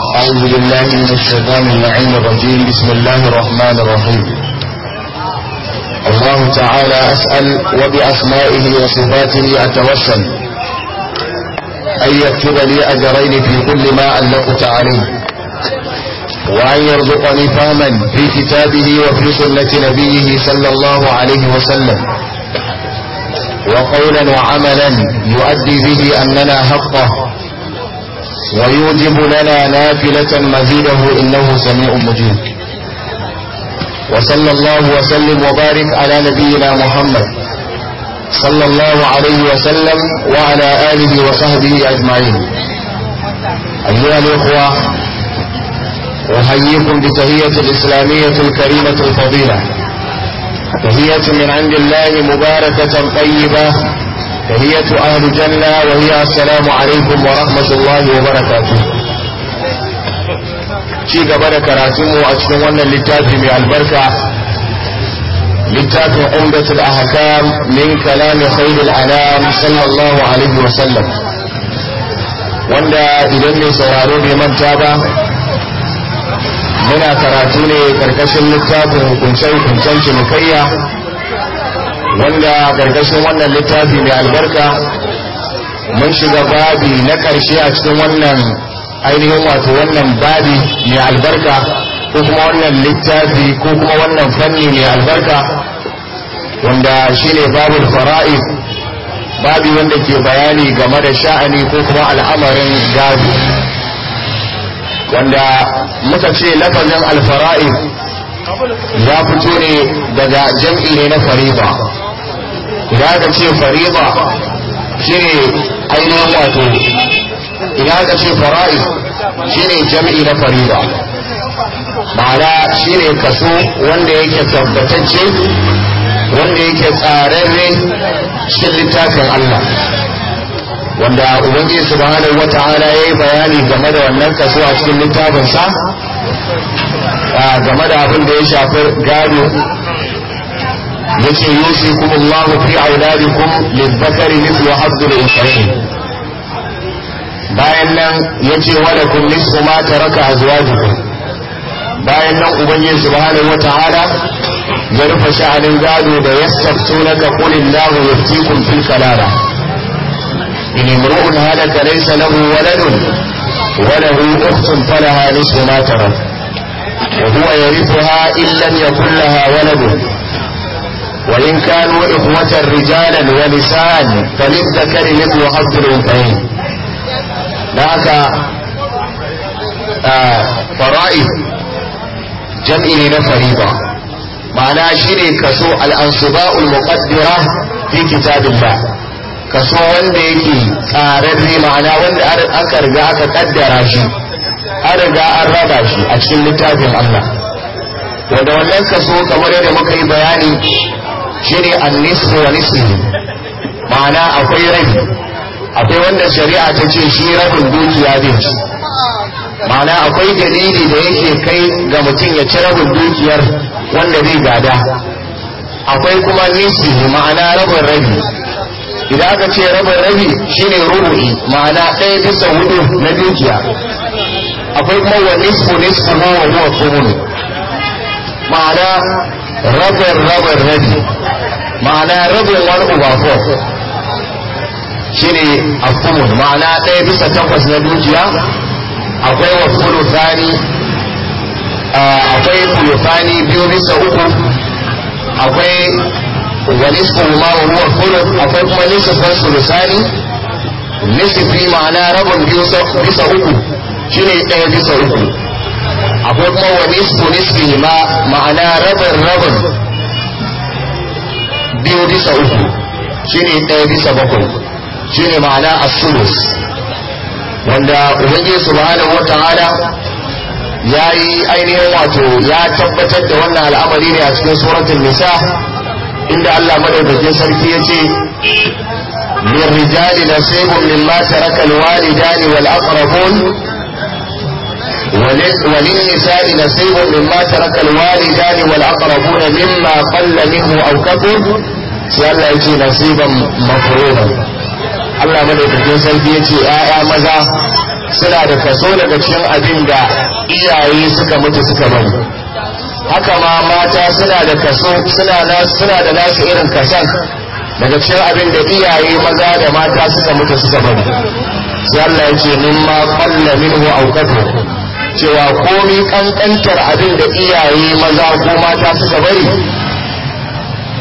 أعوذ بالله من الشيطان اللعين الرجيم بسم الله الرحمن الرحيم الله تعالى أسأل وبأسمائه وصفاته أتوسل أن يكتب لي أجرين في كل ما ألقت عليه وأن يرزقني فهما في كتابه وفي سنة نبيه صلى الله عليه وسلم وقولا وعملا يؤدي به أننا حقه ويوجب لنا نافلة مزيده إنه سميع مجيب وصلى الله وسلم وبارك على نبينا محمد صلى الله عليه وسلم وعلى آله وصحبه أجمعين أيها الإخوة أحييكم بتهية الإسلامية الكريمة الفضيلة تهية من عند الله مباركة طيبة تهية أهل الجنة وهي السلام عليكم ورحمة الله وبركاته ci gaba da karatunmu a cikin wannan littafi mai albarka littafin umdatul ahkam min kalami khairul anam sallallahu alaihi wa sallam wanda idan mai sauraro bai manta ba muna karatu ne karkashin littafin hukunce-hukuncen cinikayya wanda gargashin wannan littafi mai albarka mun shiga babi na ƙarshe a cikin wannan ainihin wato wannan babi mai albarka ko kuma wannan littafi ko kuma wannan fanni mai albarka wanda shine babul fara'id babi wanda ke bayani game da sha'ani ko kuma al'amarin gado wanda muka ce lafazin alfara'id ya fito ne daga jam'i ne na fariba idan aka ce fariba shine ainihin wato idan aka ce fara'i shine jam'i na fariba ma'ana shine kaso wanda yake tabbatacce wanda yake tsararre cikin littafin Allah wanda ubangiji subhanahu wata'ala yayi bayani game da wannan kaso a cikin littafinsa game da abin da ya shafi gado yace yusikum Allah fi auladikum lidhakari mithlu hadd al-unsayayn bayan nan yace walakum nisfu ma taraka azwajukum bayan nan ubangiji subhanahu wataala ya rufe sha'anin gado da yastaftunaka qul illahu yuftikum fil kalala in imru'un halaka laysa lahu waladun وله أخت فلها نصف ما ترك وهو يرثها إن لم يكن لها ولد وإن كانوا إخوة رجالا ونساء فللذكر مثل حظ الأنثيين ذاك فرائض جمع لنا فريضة معناه شيء كسو الأنصباء المقدرة في كتاب الله كسو wanda yake tsararre ma'ana wanda aka riga aka kaddara shi an an raba shi a cikin littafin Allah wanda wannan kaso kamar yadda muka yi bayani shine annisu wa nisfi ma'ana akwai rabi akwai wanda shari'a ta ce shi rabin dukiya zai ma'ana akwai dalili da yake kai ga mutum ya ci rabin dukiyar wanda zai gada akwai kuma nisi ma'ana rabin rabi idan aka ce rabin rabi shine rubu'i ma'ana ɗaya bisa hudu na dukiya akwai kuma wa nisfu nisfu ma'ana rabin rabin rabi ma'ana rabin wani uba four shi ne a fulun ma'ana ɗaya bisa takwas na dukiya akwai wa fulutani akwai kulu fulutani biyu bisa uku akwai wa nisfu ma wa huwa fulut akwai kuma nisfin fulutani nisfi ma'ana rabin bisa uku shi ne ɗaya bisa uku akwai kuma wa nisfu nisfi ma ma'ana rabin rabin biyu bisa uku shine ɗaya bisa bakwai shine ma'ana asulus wanda ubangiji subhanahu wata'ala ya yi ainihin wato ya tabbatar da wannan al'amari ne a cikin suratul nisa inda Allah madaukakin sarki ya ce min rijali nasibun mimma taraka alwalidani wal aqrabun وللنساء نصيب مما ترك الوالدان والأقربون مما قل منه أو كثر يلا يجي نصيبا مفروضا Allah madaukakin sarki ya ce ‘ya'ya maza suna da kaso daga cikin abin da iyaye suka mutu suka bari haka ma mata suna da kaso suna da nasu irin kasan daga cikin abin da iyaye maza da mata suka mutu suka bari sai Allah ya ce min ma qalla minhu aw cewa komi kankantar abin da iyaye maza ko mata suka bari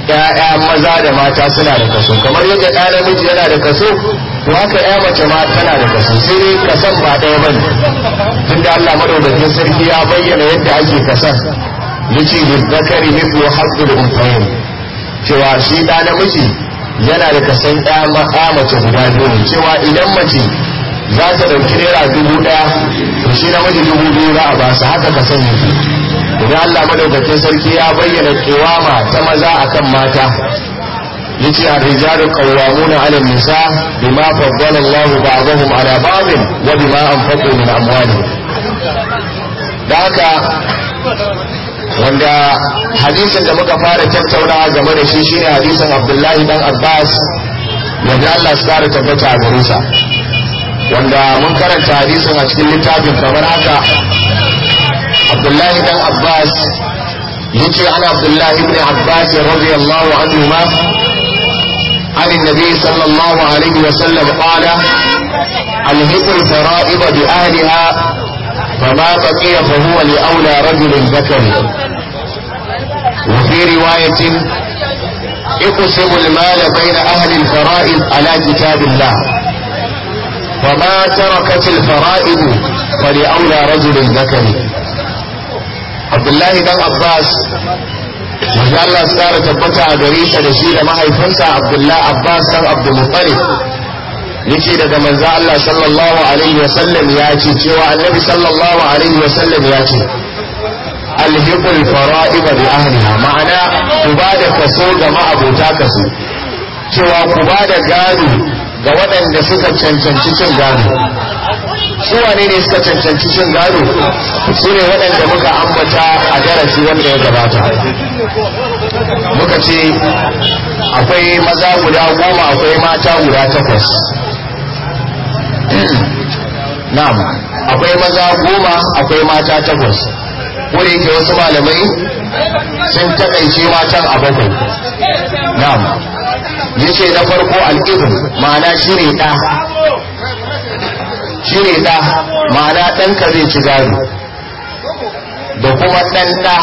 ‘ya'ya maza da mata suna da kaso kamar yadda ɗa namiji yana da kaso to haka ‘ya mace ma tana da kaso sai dai kasan ba ɗaya bane tun da Allah madaukakin sarki ya bayyana yadda ake kasan yace da zakari mithlu da unthayn cewa shi ɗa namiji yana da kasan ‘ya mace guda biyu cewa idan mace za ta ɗauki naira dubu ɗaya to shi na namiji dubu biyu za a ba su haka ka sani idan Allah madaukakin sarki ya bayyana kiwama ta maza a kan mata yace ar-rijalu qawwamuna 'ala an-nisa bima faddala Allah ba'dahum 'ala ba'd wa bima anfaqu min amwalihim da haka wanda hadisin da muka fara tattaunawa game da shi shine hadisin Abdullahi dan Abbas yadda Allah ya tsara tabbata a garinsa. wanda mun karanta hadisin a cikin littafin kamar haka abdullahi dan abbas yace ana abdullahi ibn abbas radiyallahu anhu ma عن النبي صلى الله عليه وسلم قال الهت الفرائض بأهلها فما بقي فهو لأولى رجل ذكر وفي رواية اقسموا المال بين أهل الفرائض على كتاب الله وما تركت الفرائض فلأولى رجل ذكري عبد الله بن عباس manzo Allah su kara tabbata a gare shi da shi da mahaifinsa Abdullah Abbas san Abdul Muttalib yace daga manzo Allah sallallahu alaihi wasallam ya ce cewa Annabi sallallahu alaihi wasallam ya ce alhiqul fara'id bi ahliha ma'ana ku ba da kaso ga ma'abota kaso cewa ku ba da ga waɗanda suka cancanci cin gado su wane ne suka cancanci cin gado su ne waɗanda muka ambata a darasi wanda ya gabata muka ce akwai maza guda goma akwai mata guda takwas na'am akwai maza goma akwai mata takwas ko da wasu malamai sun taƙaice matan a bakwai na'am yace na farko al'ibin ma'ana shine da shine da ma'ana ɗanka zai ci gado da kuma ɗan da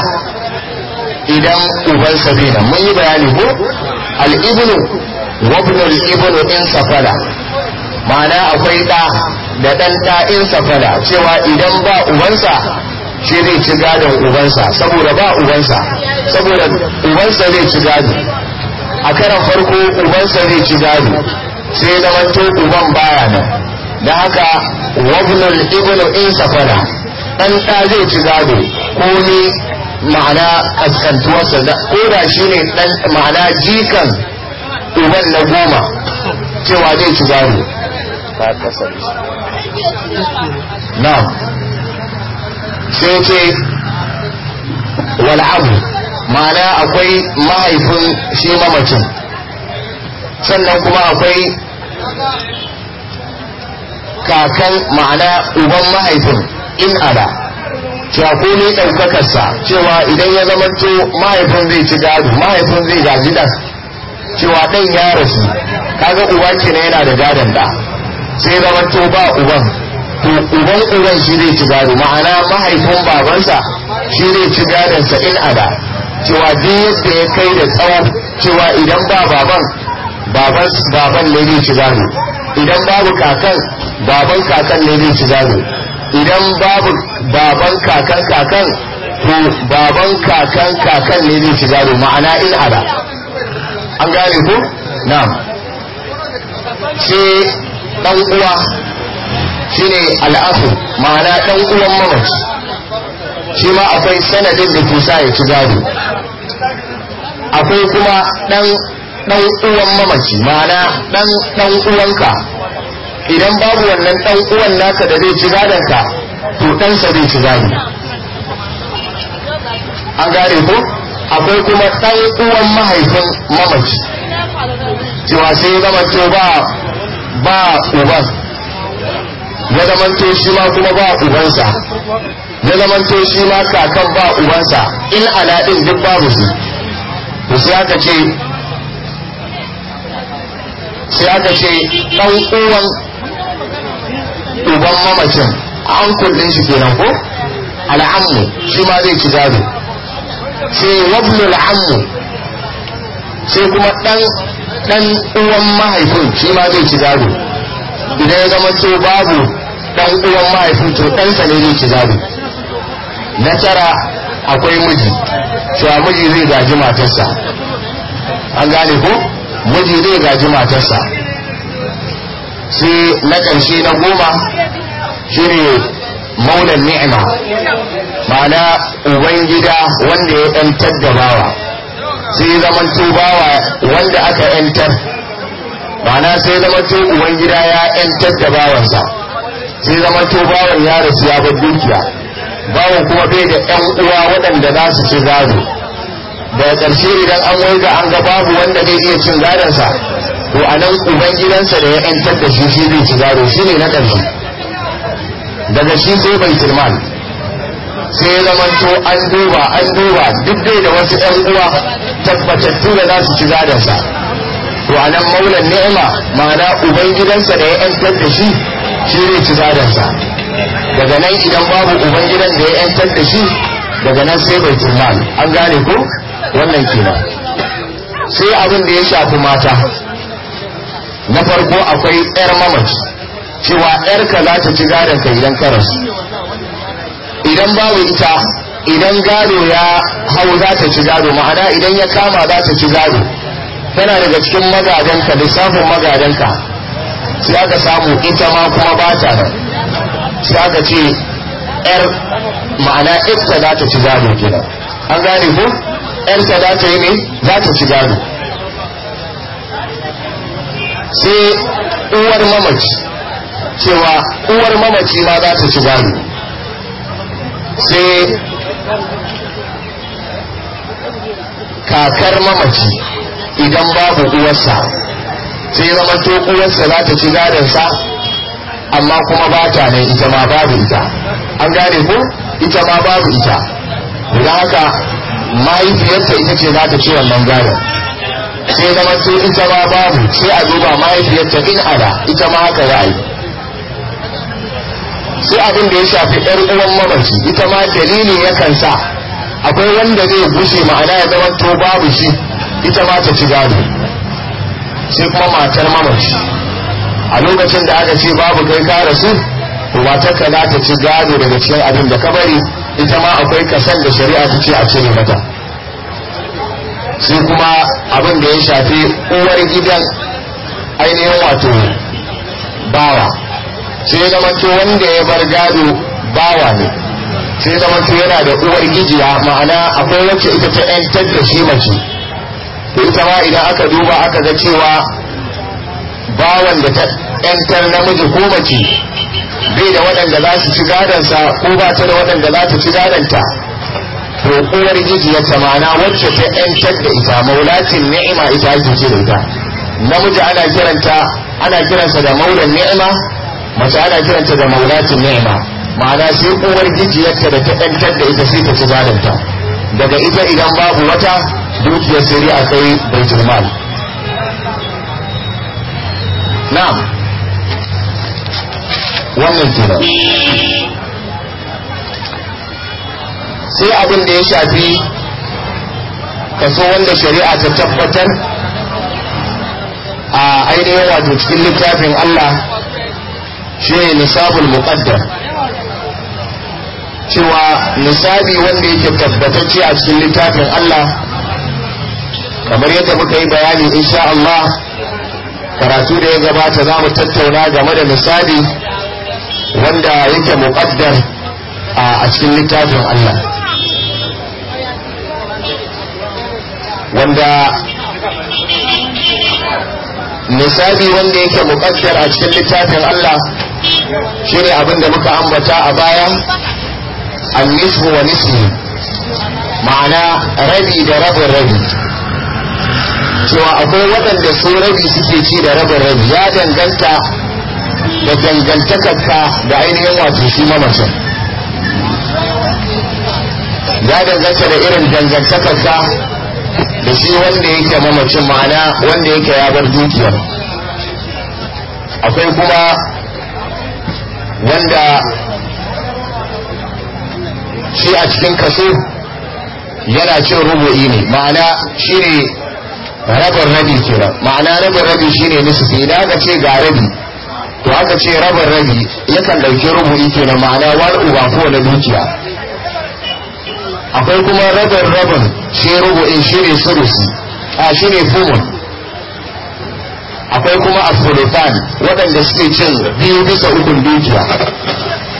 idan ubansa zai nan mun yi bayani ko al'ibnu wabnul ibnu in safala ma'ana akwai ɗa da ɗan da in safala cewa idan ba ubansa shi zai ci gadon ubansa saboda ba ubansa saboda ubansa zai ci gado a karan farko ubansa zai ci gado sai zamanto uban baya nan da haka wabnul ibnu in safara dan ɗa zai ci gado ko ne ma'ana kaskantuwarsa ko da shi ne dan ma'ana jikan uban na goma cewa zai ci gado na sai ce wal'abu ma'ana akwai mahaifin shi mamacin sannan kuma akwai kakan ma'ana uban mahaifin in ada cewa ko ne ɗaukakarsa cewa idan ya zamanto mahaifin zai ci gado mahaifin zai gaji da cewa ɗan ya rasu kaga uba kenan yana da gadon da sai zamanto ba uban to uban uban shi zai ci gado ma'ana mahaifin babansa shi zai ci gadonsa in ada cewa duk yadda ya kai da tsawo cewa idan ba baban baban baban ne zai ci gado idan babu kakan baban kakan ne zai ci gado idan babu baban kakan kakan to baban kakan kakan ne zai ci gado ma'ana in ala an gane ku na'am sai dan uwa shine al'afu ma'ana dan uwan mamaci shi ma akwai sanadin da ke sa ya ci gado akwai kuma dan dan uwan mamaci ma'ana dan dan uwanka idan babu wannan dan uwan naka da zai ci ka to dan sa zai ci gado an gare ko akwai kuma dan uwan mahaifin mamaci cewa sai zama to ba ba uban ya zama to shi ma kuma ba ubansa ya to shi ma kakan ba ubansa in ala din duk babu su to sai aka ce sai aka ce dan uwan uban mamacin an kullun shi kenan ko al'ammu shi ma zai ci gado sai wabnu al'ammu sai kuma dan dan uwan mahaifin shi ma zai ci gado idan ya zama to babu dan uwan mahaifin to ɗansa ne zai ci gado na tara akwai miji cewa miji zai gaji matarsa an gane ko miji zai gaji matarsa sai na ƙarshe na goma shi ne maulan ni'ima ma'ana ubangida wanda ya ɗantar da bawa sai zamanto bawa wanda aka ‘yantar ma'ana sai zamanto ubangida ya ‘yantar da bawansa sai zaman bawan ya rasu ya bar dukiya bawan kuma bai da yan uwa waɗanda za su ci gado daga ƙarshe idan an waiga an ga babu wanda zai iya cin gadonsa to a nan uban gidansa da ya yantar da shi shi zai ci gado shi ne na ƙarshe daga shi sai bai tilman sai zamanto an duba an duba duk dai da wasu yan uwa tabbatattu da za su ci gadonsa to a nan maulan ni'ima ma'ana uban gidansa da ya yantar da shi shi ci gadonsa daga nan idan babu ubangidan da ya yantar da shi daga nan sai bai mal an gane ko wannan kenan sai abin da ya shafi mata na farko akwai yar mamaci cewa yar ka za ta ci gadon ka idan ka rasu idan babu ita idan gado ya hau za ta ci gado ma'ana idan ya kama za ta ci gado tana daga cikin magadanka lissafin magadanka sai aka samu ita ma kuma ba ta nan sai aka ce yar ma'ana ita za ta ci gado kenan an gane ko sa za ta yi ne za ta ci gado sai uwar mamaci cewa uwar mamaci ma za ta ci gado sai kakar mamaci idan babu uwarsa sai zama to uwarsa za ta ci gadonsa amma kuma ba ta ne ita ma babu ita an gane ku? ita ma babu ita idan haka mahaifiyarta ita ce za ta ci wannan gadon sai zama sai ita ma babu sai a duba mahaifiyarta in ada ita ma haka za a yi sai abin da ya shafi ɗan uwan mamaci ita ma dalilin yakan sa akwai wanda zai gushe ma'ana ya zama to babu shi ita ma ta ci gado sai kuma matar mamaci a lokacin da aka ce babu kai ka rasu to ta za ta ci gado daga cikin abin da ka bari ita ma akwai kasan da shari'a ta ce a cire mata sai kuma abin da ya shafi uwar gidan ainihin wato bawa sai zamanto wanda ya bar gado bawa ne sai zamanto yana da uwar gijiya ma'ana akwai wacce ita ta 'yantar da shi mace to ita ma idan aka duba aka ga cewa bawan da ta yantar namiji ko mace bai da waɗanda za su ci gadansa ko ba ta da waɗanda za ta ci gadanta to uwar gijiyarta ma'ana wacce ta yantar da ita maulatin ni'ima ita ake ce da ita namiji ana kiranta ana kiransa da maulan ni'ima mace ana kiranta da maulatin ni'ima ma'ana sai uwar gijiyarta da ta yantar da ita sai ta ci gadanta daga ita idan babu wata dukiyar sai a kai baitul mal na'am wannan kenan sai abin da ya shafi kaso wanda shari'a ta tabbatar a ainihin wato cikin littafin Allah shi ne nisabul muqaddar cewa nisabi wanda yake tabbatacce a cikin littafin Allah kamar yadda muka yi bayani insha Allah karatu da ya gabata za mu tattauna game da misali wanda yake muƙaddar a cikin littafin Allah wanda misali wanda yake muƙaddar a cikin littafin Allah shine abin da muka ambata a baya an nisfu wa nisfu ma'ana rabi da rabin rabi cewa akwai waɗanda su rabi suke ci da rabin rabi ya danganta da dangantakarka da ainihin wato shi mamacin ya danganta da irin dangantakarka da shi wanda yake mamacin ma'ana wanda yake ya bar dukiyar akwai kuma wanda shi a cikin kaso yana cin rubu'i ne ma'ana shi ne rabar rabi kenan ma'ana rabar rabi shine sai da aka ce ga rabi to aka ce rabar rabi yakan ɗauki ke kenan ma'ana wani uba ko na dukiya akwai kuma rabar rabin shi shi shine sudusi a shine fumun akwai kuma asfulutan waɗanda suke cin biyu bisa ukun dukiya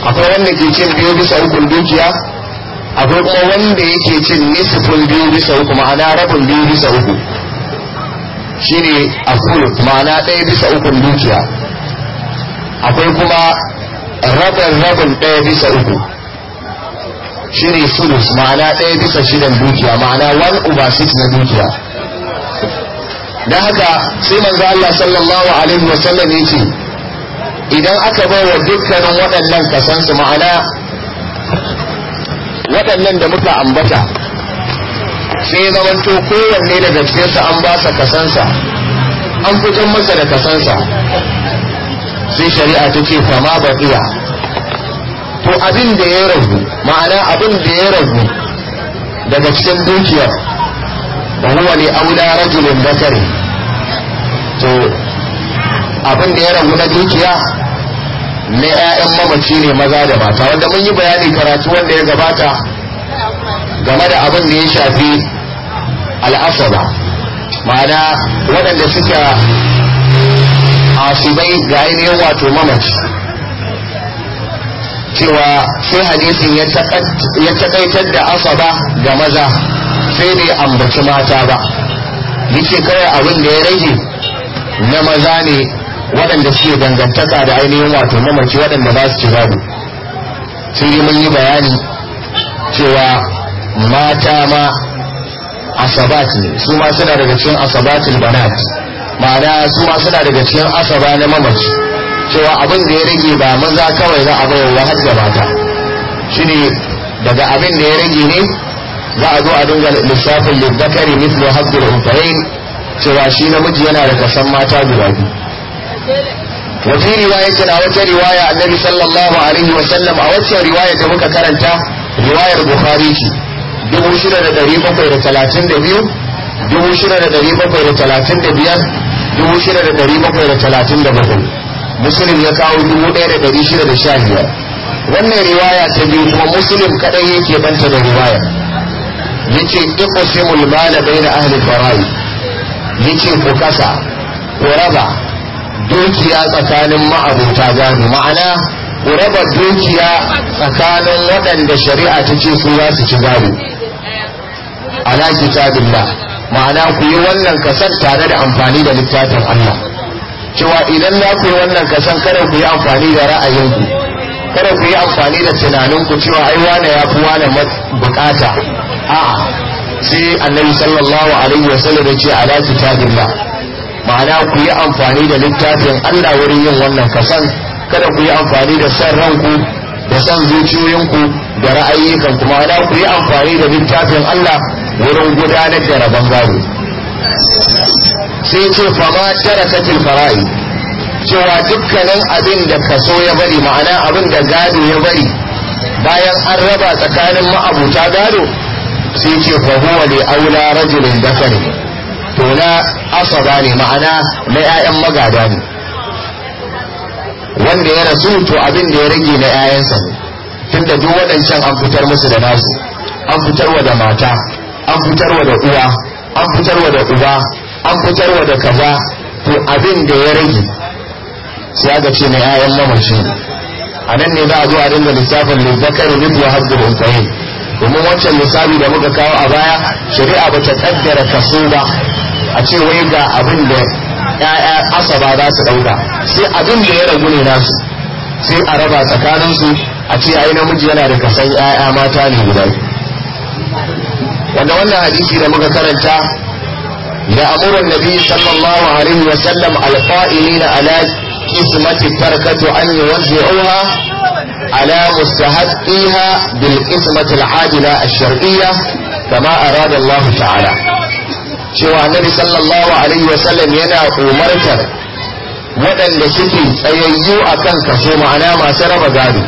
akwai wanda ke cin biyu bisa ukun dukiya akwai kuma wanda yake cin nisfin biyu bisa uku ma'ana rabin biyu bisa uku shine a ma'ana ɗaya bisa ukun dukiya akwai kuma rabin rabin ɗaya bisa uku shine sulus ma'ana ɗaya bisa shidan dukiya ma'ana one over six na dukiya da haka sai manzo Allah sallallahu alaihi wa sallam yace idan aka bai wa dukkanin waɗannan kasansu ma'ana waɗannan da muka ambata sai zaman to kowanne daga cikinsa an ba sa kasansa an fitan masa da kasansa sai shari'a ta ce fama ba iya to abin da ya ragu ma'ana abin da ya ragu daga cikin dukiyar da huwa ne aula rajulin bakari to abin da ya ragu na dukiya na 'ya'yan mamaci ne maza da mata wanda mun yi bayani karatu wanda ya gabata game da abin da ya shafi al'asaba ma'ana waɗanda suka asibai ga ainihin wato mamaci cewa sai hadisin ya takaitar da asaba ga maza sai bai ambaci mata ba yake kawai abin da ya rage na maza ne waɗanda suke dangantaka da ainihin wato mamaci waɗanda ba su ci babu sai mun yi bayani cewa mata ma asabati su ma suna daga cikin asabatul banat ma'ana su ma suna daga cikin asaba na mamaci cewa abin da ya rage ba maza kawai za a bayar wa har da mata ne daga abin da ya rage ne za a zo a dinga lissafin lizzakari mithlu hazzul unsayin cewa shi namiji yana da kasan mata guda biyu وفي رواية أو رواية النبي صلى a عليه riwaya da muka karanta riwayar bukhari ce dubu shida da dari bakwai da talatin da biyu dubu shida da dari bakwai da talatin da biyar dubu shida da dari bakwai da talatin da bakwai musulun ya kawo dubu ɗaya da dari shida da sha biyar wannan riwaya ta biyu kuma musulun kaɗai yake banta da riwaya yace iqsimul bai da ahli fara'i yace ku kasa ku raba dukiya tsakanin ma'abuta gado ma'ana ku raba dukiya tsakanin waɗanda shari'a ta ce su za su ci gado ala kitabillah ma'ana ku yi wannan kasar tare da amfani da littafin Allah cewa idan na ku yi wannan kasan kada ku yi amfani da ra'ayinku kada ku yi amfani da tunaninku cewa ai wane ya fi wane bukata a'a sai annabi sallallahu alaihi wa sallam ya ce ala kitabillah ma'ana ku yi amfani da littafin Allah wurin yin wannan kasan kada ku yi amfani da san ranku da san zuciyoyinku da ra'ayi kuma ana ku yi amfani da littafin Allah wurin gudanar da rabon gado sai ce fama tara tarakatil fara'i cewa dukkanin abin da kaso ya bari ma'ana abin da gado ya bari bayan an raba tsakanin ma'abuta gado sai ce fahuwa ne aula rajulin dakari to na asaba ne ma'ana na 'ya'yan magada ne wanda ya rasu to abin da ya rage na 'ya'yansa tunda duk waɗancan an fitar musu da nasu an fitarwa da mata an fitarwa da uwa an fitarwa da uba an fitarwa da kaza to abin da ya rage sai aka ce na yayan mamaci a nan ne za a zo a dinga lissafin ya mithlu da unsayin domin wancan lissafi da muka kawo a baya shari'a ba ta kaddara kaso ba a ce wai ga abin da ya'ya asaba za su ɗauka sai abin da ya ragu ne nasu sai a raba tsakaninsu a ce ai namiji yana da kasan ya'ya mata ne guda wanda wannan hadisi da muka karanta da amuran nabi sallallahu alaihi wa sallam alqa'ilina ala qismati tarkatu an yuwzi'uha ala mustahaqiha bil qismati al-adila shariyya kama arada Allah ta'ala cewa nabi sallallahu alaihi wa sallam yana umartar waɗanda suke tsayayyu akan kaso ma'ana masu raba gado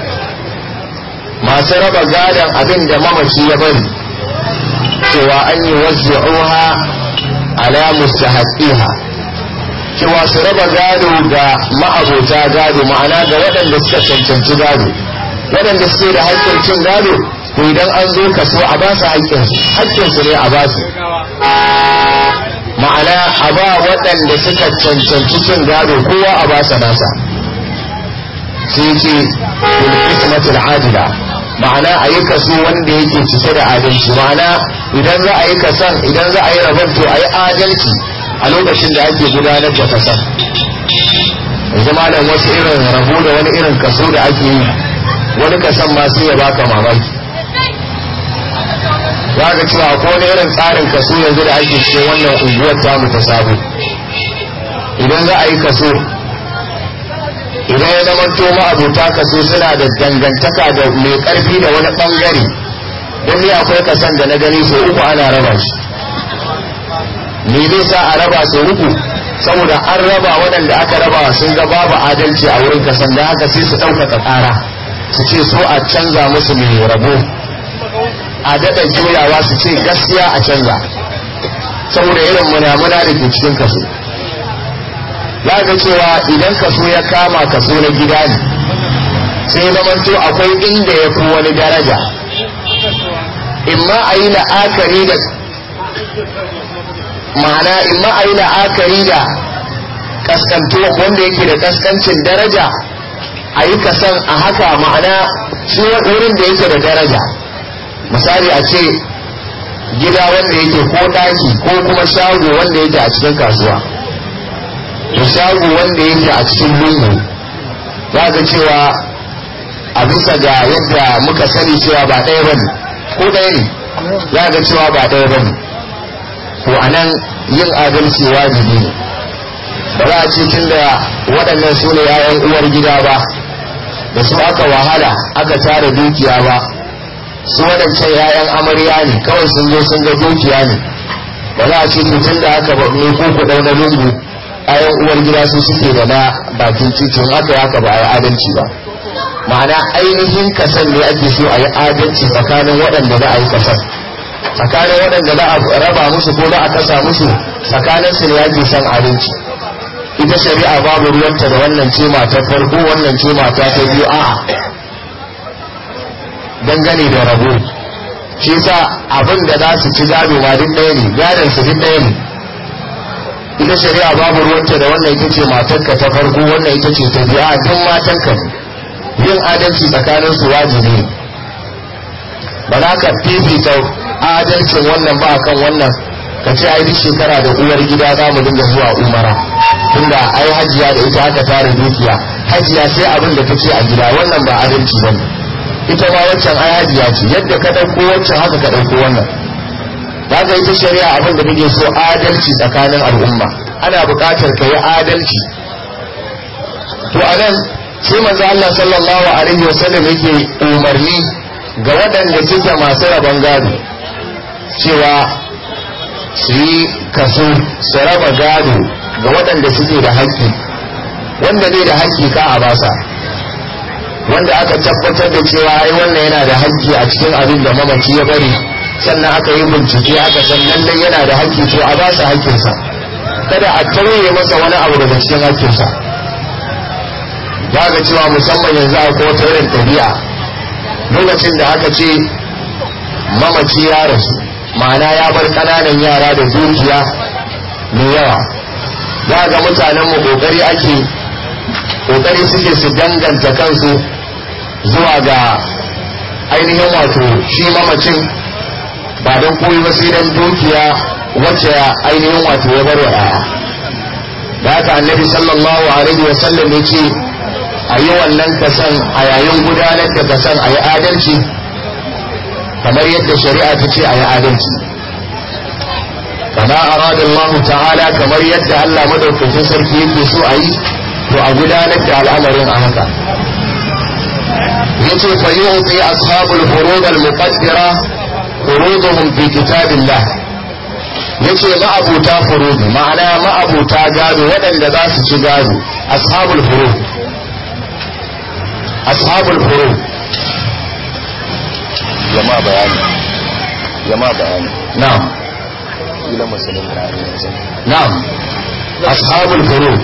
masu raba gadon abin da mamaci ya bari cewa an yi wazi'uha ala mustahasiha cewa su raba gado ga ma'abota gado ma'ana ga waɗanda suka cancanci gado waɗanda suke da haƙƙin cin gado to idan an zo kaso a ba su haƙƙinsu su ne a ba su ma'ana a ba waɗanda suka cancanci cin gado kowa a ba sa nasa sai ce bil qismatil adila ma'ana a yi kaso wanda yake cike da adalci ma'ana idan za a yi kasan idan za a yi rabon to a yi adalci a lokacin da ake gudanar da kasan yanzu malam wasu irin rabo da wani irin kaso da ake yi wani kasan ma sai ya baka mamaki za ka cewa ko wani irin tsarin kaso yanzu da ake cikin wannan unguwar tamu ta sabo idan za a yi kaso idan ya zamanto ma'abuta so suna da dangantaka da mai karfi da wani bangare don ni akwai kasan da na gani sau uku ana raba shi me zai sa a raba sau uku saboda an raba waɗanda aka raba sun ga babu adalci a wurin kasan da haka sai su ɗaukaka ƙara su ce so a canza musu mai rabo a daɗa juyawa su ce gaskiya a canza saboda irin munamuna da ke cikin kasu. za ga cewa idan kaso ya kama kaso na gida ne sai manto akwai inda ya fi wani daraja imma a yi la'akari da ma'ana ma a yi la'akari da kaskanto wanda yake da kaskancin daraja a yi kasan a haka ma'ana shi wurin da yake da daraja misali a ce gida wanda yake ko daki ko kuma shago wanda yake a cikin kasuwa to wanda yake a cikin lungu za ga cewa a bisa ga yadda muka sani cewa ba ɗaya ba ne ko ɗaya ne za ga cewa ba ɗaya ba ne to a nan yin adalci wajibi ne ba za a ce da waɗannan su ne 'ya'yan uwar gida ba da su aka wahala aka tara dukiya ba su waɗancan 'ya'yan amarya ne kawai sun zo sun ga dukiya ne ba za a ce tun da aka ba ne ko ku ɗau na lungu A'yan uwar gida su suke da na bakin titi in aka haka ba a yi adalci ba ma'ana ainihin kasan ne ake so a yi adalci tsakanin waɗanda za a yi kasan tsakanin waɗanda za a raba musu ko za a kasa musu tsakanin su ne ake son adalci ita shari'a babu ruwanta da wannan ce ta farko wannan ce mata ta biyu a'a dangane da rabo shi sa abin da za su ci gado ma duk ɗaya ne gadon su duk ɗaya ne ita shari'a babu ruwanta da wannan ita ce matanka ta farko wannan ita ce ta biya a duk matanka yin adalci tsakanin su wajibi ba za ka fifita adalcin wannan ba kan wannan ka ce ai duk shekara da uwar gida za mu dinga zuwa umara tunda ai hajiya da ita aka tara dukiya hajiya sai abin da ce a gida wannan ba adalci ba ita ma waccan ai hajiya ce yadda ka ɗauko waccan haka ka ɗauko wannan da haka ita shari'a abin da muke so adalci tsakanin al'umma ana buƙatar ka yi adalci to a nan sai manzo Allah sallallahu alaihi wasallam yake umarni ga waɗanda suke masu rabon gado cewa su yi kaso su raba gado ga waɗanda suke da haƙƙi wanda bai da haƙƙi ka a basa wanda aka tabbatar da cewa ai wannan yana da haƙƙi a cikin abin da mamaci ya bari sannan aka yi bincike aka san dai yana da haƙƙi to a ba shi sa kada a tauye masa wani abu daga cikin hakkinsa za ga cewa musamman yanzu a kowace irin tabiya lokacin da aka ce mamaci ya rasu ma'ana ya bar kananan yara da dukiya mai yawa za ga mutanen mu ƙoƙari ake kokari suke su danganta kansu zuwa ga ainihin wato shi mamacin ba don koyi ba sai dan dukiya wacce ainihin wato ya bar wa da haka annabi sallallahu alaihi wa sallam yake a yi wannan kasan a yayin gudanar da kasan a yi adalci kamar yadda shari'a ta ce a yi adalci kama arada Allah ta'ala kamar yadda Allah madaukakin sarki yake so a yi to a gudanar da al'amarin a haka yace fa yu'ti ashabul furud al-muqaddara furuduhum fi kitabillah yace ma'abuta furudu ma'ana ma'abuta gado waɗanda za su ci gado ashabul furud ashabul furud jama'a bayani jama'a bayani na'am ila musulun na'am ashabul furud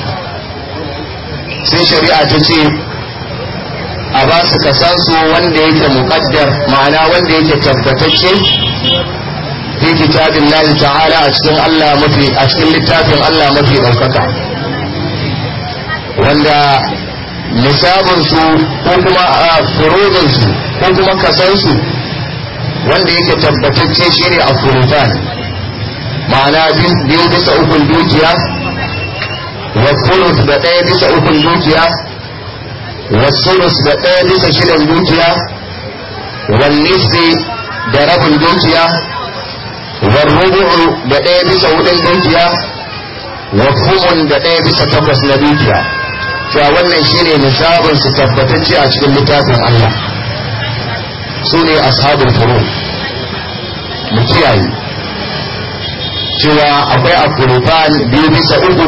sai shari'a ta ce a ba su kasansu wanda yake muqaddar ma'ana wanda yake tabbatacce fi kitabin lahi ta'ala a cikin Allah mafi a cikin littafin Allah mafi ɗaukaka wanda nisabinsu ko kuma a furozinsu ko kuma kasansu wanda yake tabbatacce shine a furutan ma'ana biyu bisa ukun dukiya wa da ɗaya bisa ukun dukiya wasulus da ɗaya bisa shidan dukiya wallisbi da rabin dukiya warrubu'u da ɗaya bisa hudun dukiya wafu'un da ɗaya bisa takwas na dukiya cewa wannan shine nisabin su tabbatacce a cikin littafin Allah su ne furu mu cewa akwai afurufan biyu bisa uku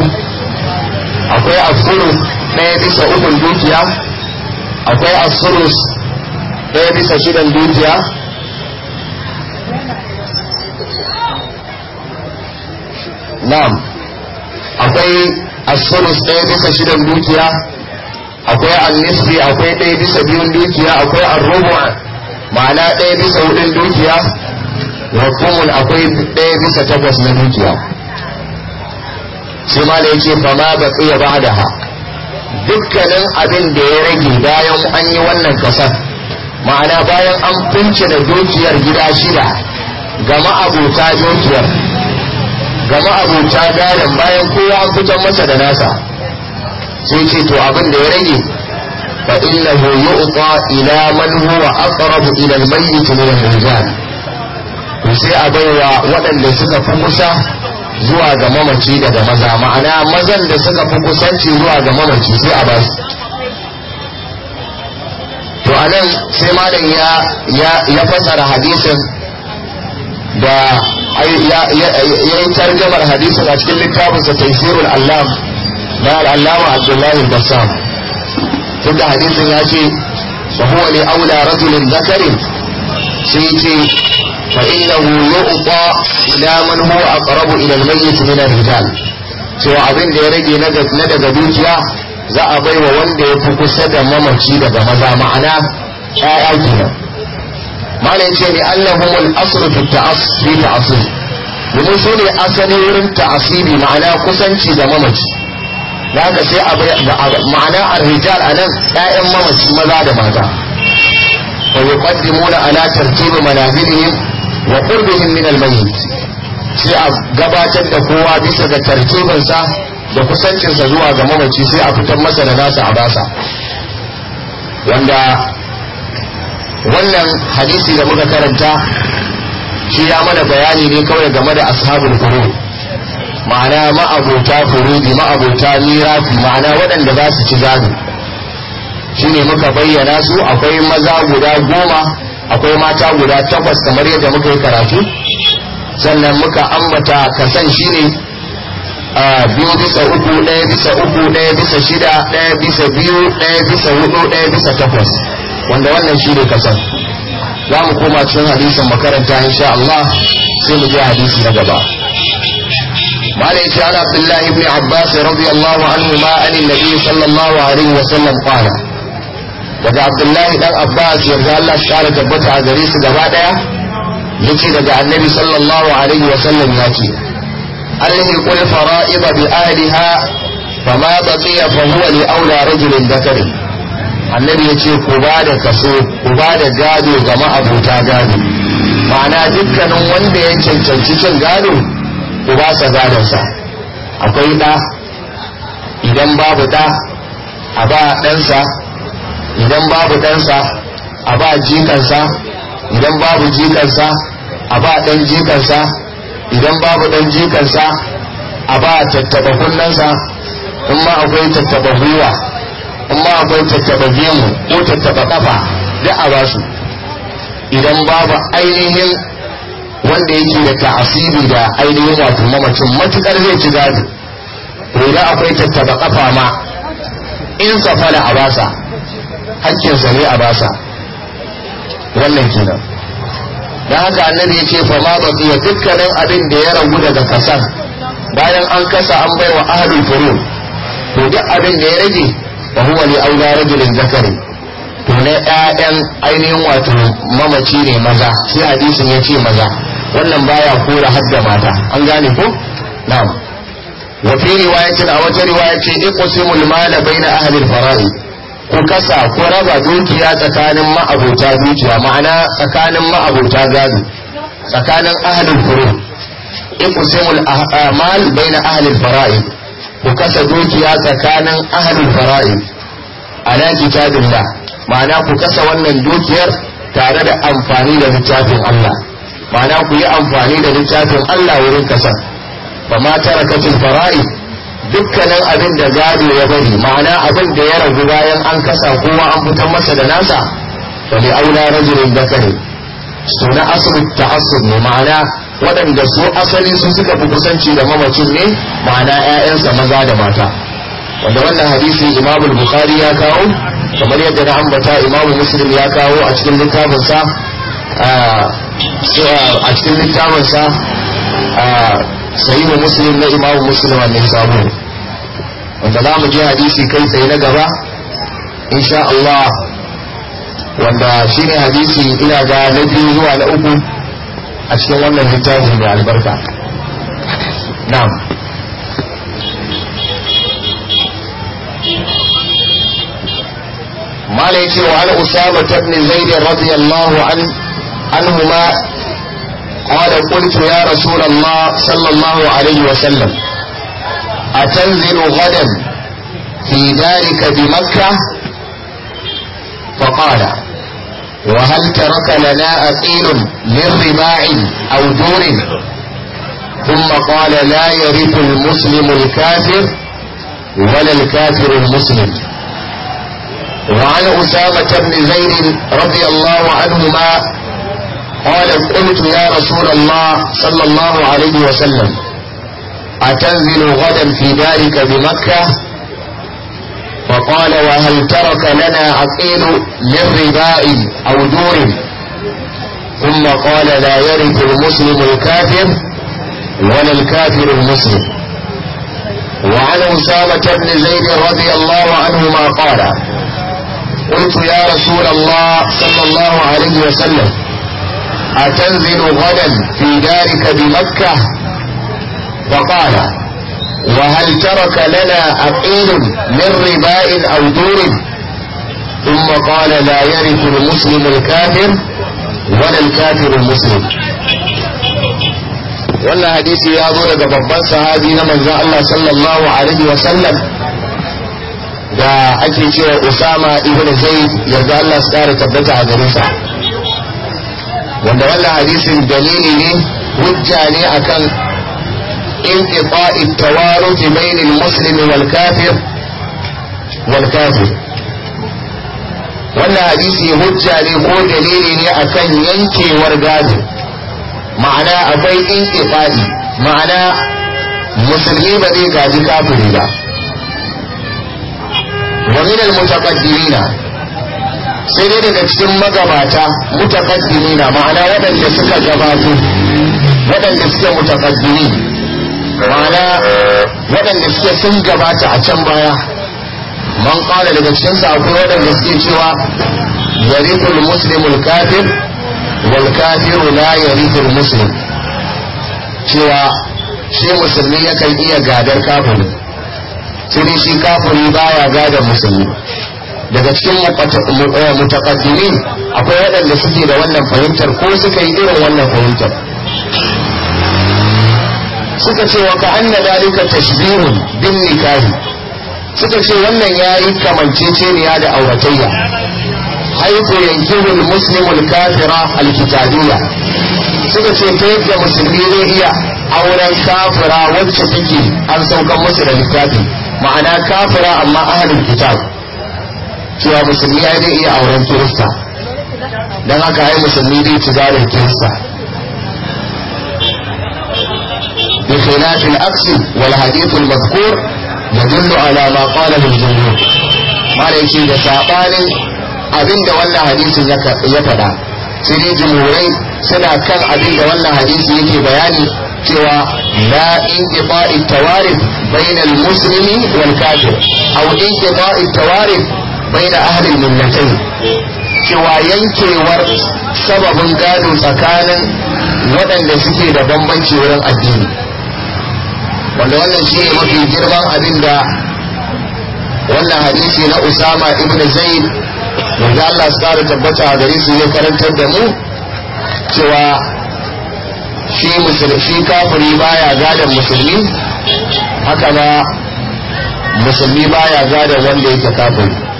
akwai afuru ɗaya bisa ukun dukiya akwai asurus ɗaya bisa shidan dukiya na'am akwai asurus ɗaya bisa shidan dukiya akwai annisbi akwai ɗaya bisa biyun dukiya akwai arrubu ma'ana ɗaya bisa hudun dukiya wakumul akwai ɗaya bisa takwas na dukiya sai ma da yake fama ba tsaye ba da ha dukkanin abin da ya rage bayan an yi wannan kasar ma'ana bayan an kunce da dukiyar gida shida ga ma'abuta dukiyar ga ma'abuta garin bayan kowa an fitar masa da nasa sai ce to abin da ya rage fa innahu yu'ta ila man huwa aqrabu ila al-mayyit min al-mizan sai a baiwa waɗanda suka fi kusa zuwa ga mamaci daga maza ma'ana mazan da suka fi kusanci zuwa ga mamaci sai a ba su to nan sai malam ya ya fasara hadisin da ya yi tarjamar hadisin a cikin littafinsa taifirul allam na al'allama abdullahi bassam tun da hadisin ya ce wa huwa li aula rajulin zakarin sai ce فإنه يعطى إلى من هو أقرب إلى الميت من الرجال سوى أبن دي رجي ندق دوكيا za a bai wa wanda ya fi kusa da mamaci daga maza ma'ana ƴaƴa kenan malam ce ne allahum al asru fi ta'assi ta'assi ne asali ta'asibi ma'ana kusanci da mamaci da haka sai a bai ma'ana ar-rijal anan maza wa qurbihim min al-mayyit sai a gabatar da kowa bisa ga sa da kusancinsa zuwa ga mamaci sai a fitar masa da nasa a basa wanda wannan hadisi da muka karanta shi ya mana bayani ne kawai game da ashabul furu ma'ana ma'abota furudi ma'abota mirafi ma'ana waɗanda za su ci gado shi ne muka bayyana su akwai maza guda goma akwai mata guda takwas kamar yadda muka yi karatu sannan muka ambata kasan shi ne biyu bisa uku ɗaya bisa uku ɗaya bisa shida ɗaya bisa biyu ɗaya bisa hudu ɗaya bisa takwas wanda wannan shi ne kasan za mu koma cikin hadisin makaranta insha Allah sai mu je hadisi na gaba مالك عن عبد الله بن عباس رضي الله عنهما عن النبي صلى الله عليه وسلم قال daga abdullahi dan abbas yarda Allah shara tabbata a gare su gaba daya yace daga annabi sallallahu alaihi wa sallam yake alhiqu al-fara'id bi ahliha ma baqiya fa huwa li aula rajulin dhakari annabi yace ku ba da kaso ku ba da gado ga ma'abuta gado ma'ana dukkanin wanda ya cancanci cin gado ku ba sa sa akwai da. idan babu da. a ba ɗansa idan babu ɗansa a ba jikansa idan babu jikansa a ba ɗan jikansa idan babu ɗan jikansa a ba tattaba kunnansa in ma akwai tattaba gwiwa in ma akwai tattaba gemu ko tattaba kafa duk a basu idan babu ainihin wanda yake da ta'asiri da ainihin wato mamacin matukar zai ci gado to idan akwai tattaba kafa ma in safala a basa hakkinsa ne a basa wannan kenan da haka annabi ya ce fa ma ba ya dukkanin abin da ya ragu daga kasar bayan an kasa an bai wa ahlul furu to duk abin da ya rage fa huwa li aula rajulin zakari to ne ƴaƴan ainihin wato mamaci ne maza sai hadisin ya ce maza wannan baya kora da mata an gane ko na'am wa fi riwayatin a wata riwaya ce iqsimul mala baina ahli al-fara'id ku kasa ku raba dukiya tsakanin ma'abota dukiya ma'ana tsakanin ma'abota gado tsakanin ahalin furu iqsimul a'mal ah, ah, na ahalin fara'id ku kasa dukiya tsakanin ahalin ahalil fara'id ala kitabillah ma'ana ku kasa wannan dukiyar tare da amfani da littafin Allah ma'ana ku yi amfani da littafin Allah wurin kasa ba ma tarakatul fara'id dukkanin abin da gado ya bari ma'ana abin da ya ragu bayan an kasa kuma an fitar masa da nasa wa bi aula rajulin dakari su na ta'assub ne ma'ana waɗanda su asali su suka fi kusanci da mamacin ne ma'ana 'ya'yansa maza da mata wanda wannan hadisi imamul bukhari ya kawo kamar yadda na ambata imamu muslim ya kawo a cikin littafinsa a cikin littafinsa mu muslim na imamu muslim a mai samu wanda za mu je hadisi kai sai na gaba insha Allah wanda shine hadisi ina ga na biyu zuwa na uku a cikin wannan littafin mai albarka na'am مالك وعن أسامة بن زيد رضي الله عنه قال قلت يا رسول الله صلى الله عليه وسلم أتنزل غدا في ذلك بمكة فقال وهل ترك لنا أكيل من رباع أو دور ثم قال لا يرث المسلم الكافر ولا الكافر المسلم وعن أسامة بن زيد رضي الله عنهما قال قلت يا رسول الله صلى الله عليه وسلم أتنزل غدا في ذلك بمكة فقال وهل ترك لنا عقيل للرباء أو دور ثم قال لا يرث المسلم الكافر ولا الكافر المسلم وعن أسامة بن زيد رضي الله عنهما قال قلت يا رسول الله صلى الله عليه وسلم أتنزل غدا في دارك بمكة فقال وهل ترك لنا أقيل من رباء أو دور ثم قال لا يرث المسلم الكافر ولا الكافر المسلم wannan hadisi ya zo daga babban sahabi na manzon Allah sallallahu alaihi wa sallam da ake cewa Usama ibn Zaid yanzu Allah ya tabbata a garin sa wanda wannan hadisin dalili ne hujja ne akan انقطاع التوارث بين المسلم والكافر والكافر wannan hadisi hujja ne ko dalili ne akan yankewar gado ma'ana akwai intifadi ma'ana musulmi ba zai gaji kafiri ba wa min al-mutaqaddimina sai dai daga cikin magabata mutakaddimi na ma'ana waɗanda suka gabato waɗanda suke mutakaddimi ma'ana waɗanda suke sun gabata a can baya man ƙara daga cikin sa akwai waɗanda suke cewa yariful muslimul kafir wal kafir la yariful muslim cewa shi musulmi yakan iya gadar kafiri sai shi kafiri baya gadar musulmi daga cikin eh, mutakaddimi akwai waɗanda suke da wannan fahimtar ko suka yi irin wannan fahimtar suka ce wa ka'anna dalika tashbihun bin nikahi suka ce wannan yayi kamanceceniya da auratayya haifu yankihul muslimul kafira alkitabiyya suka ce ta yadda musulmi zai iya auren kafira wacce take an saukan musu da littafi ma'ana kafira amma ahalin kitab cewa musulmi ya zai iya auren kirista don haka ai musulmi zai ci zarar kirista bi khilafin aksi wal hadithul mazkur yadullu ala ma qala lil jumhur mara yake da sabanin abinda wannan hadisin ya faɗa sai dai suna kan abinda wannan hadisi yake bayani cewa la inqifa'i tawarif bainal muslimi wal kafir aw inqifa'i tawarif bai da ahalin millatai cewa yankewar sababin gado tsakanin waɗanda suke da bambanci wurin addini wanda wannan shi ne mafi girman abin da wannan hadisi na usama ibn zaid wanda allah su kara tabbata a gare su ya karantar da mu cewa shi musulmi kafiri baya gadon musulmi haka na musulmi baya gadon wanda yake kafiri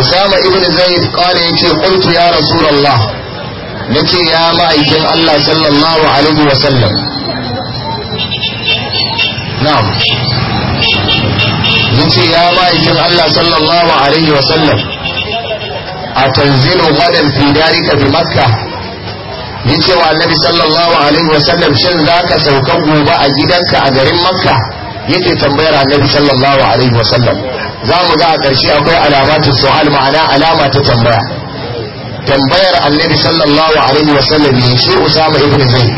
usama ibn zaid qala yace qultu ya rasulullah nace ya ma'aikin Allah sallallahu alaihi wa sallam na'am nace ya ma'aikin Allah sallallahu alaihi wa sallam a atanzilu gadan fi darika bi makkah yace wa annabi sallallahu alaihi wa sallam shin zaka sauka gobe a gidanka a garin makka yake tambayar annabi sallallahu alaihi wa sallam za mu ga a ƙarshe akwai alamatu su'al ma'ana alama ta tambaya tambayar annabi sallallahu alaihi wa sallam ne shi usama ibn zaid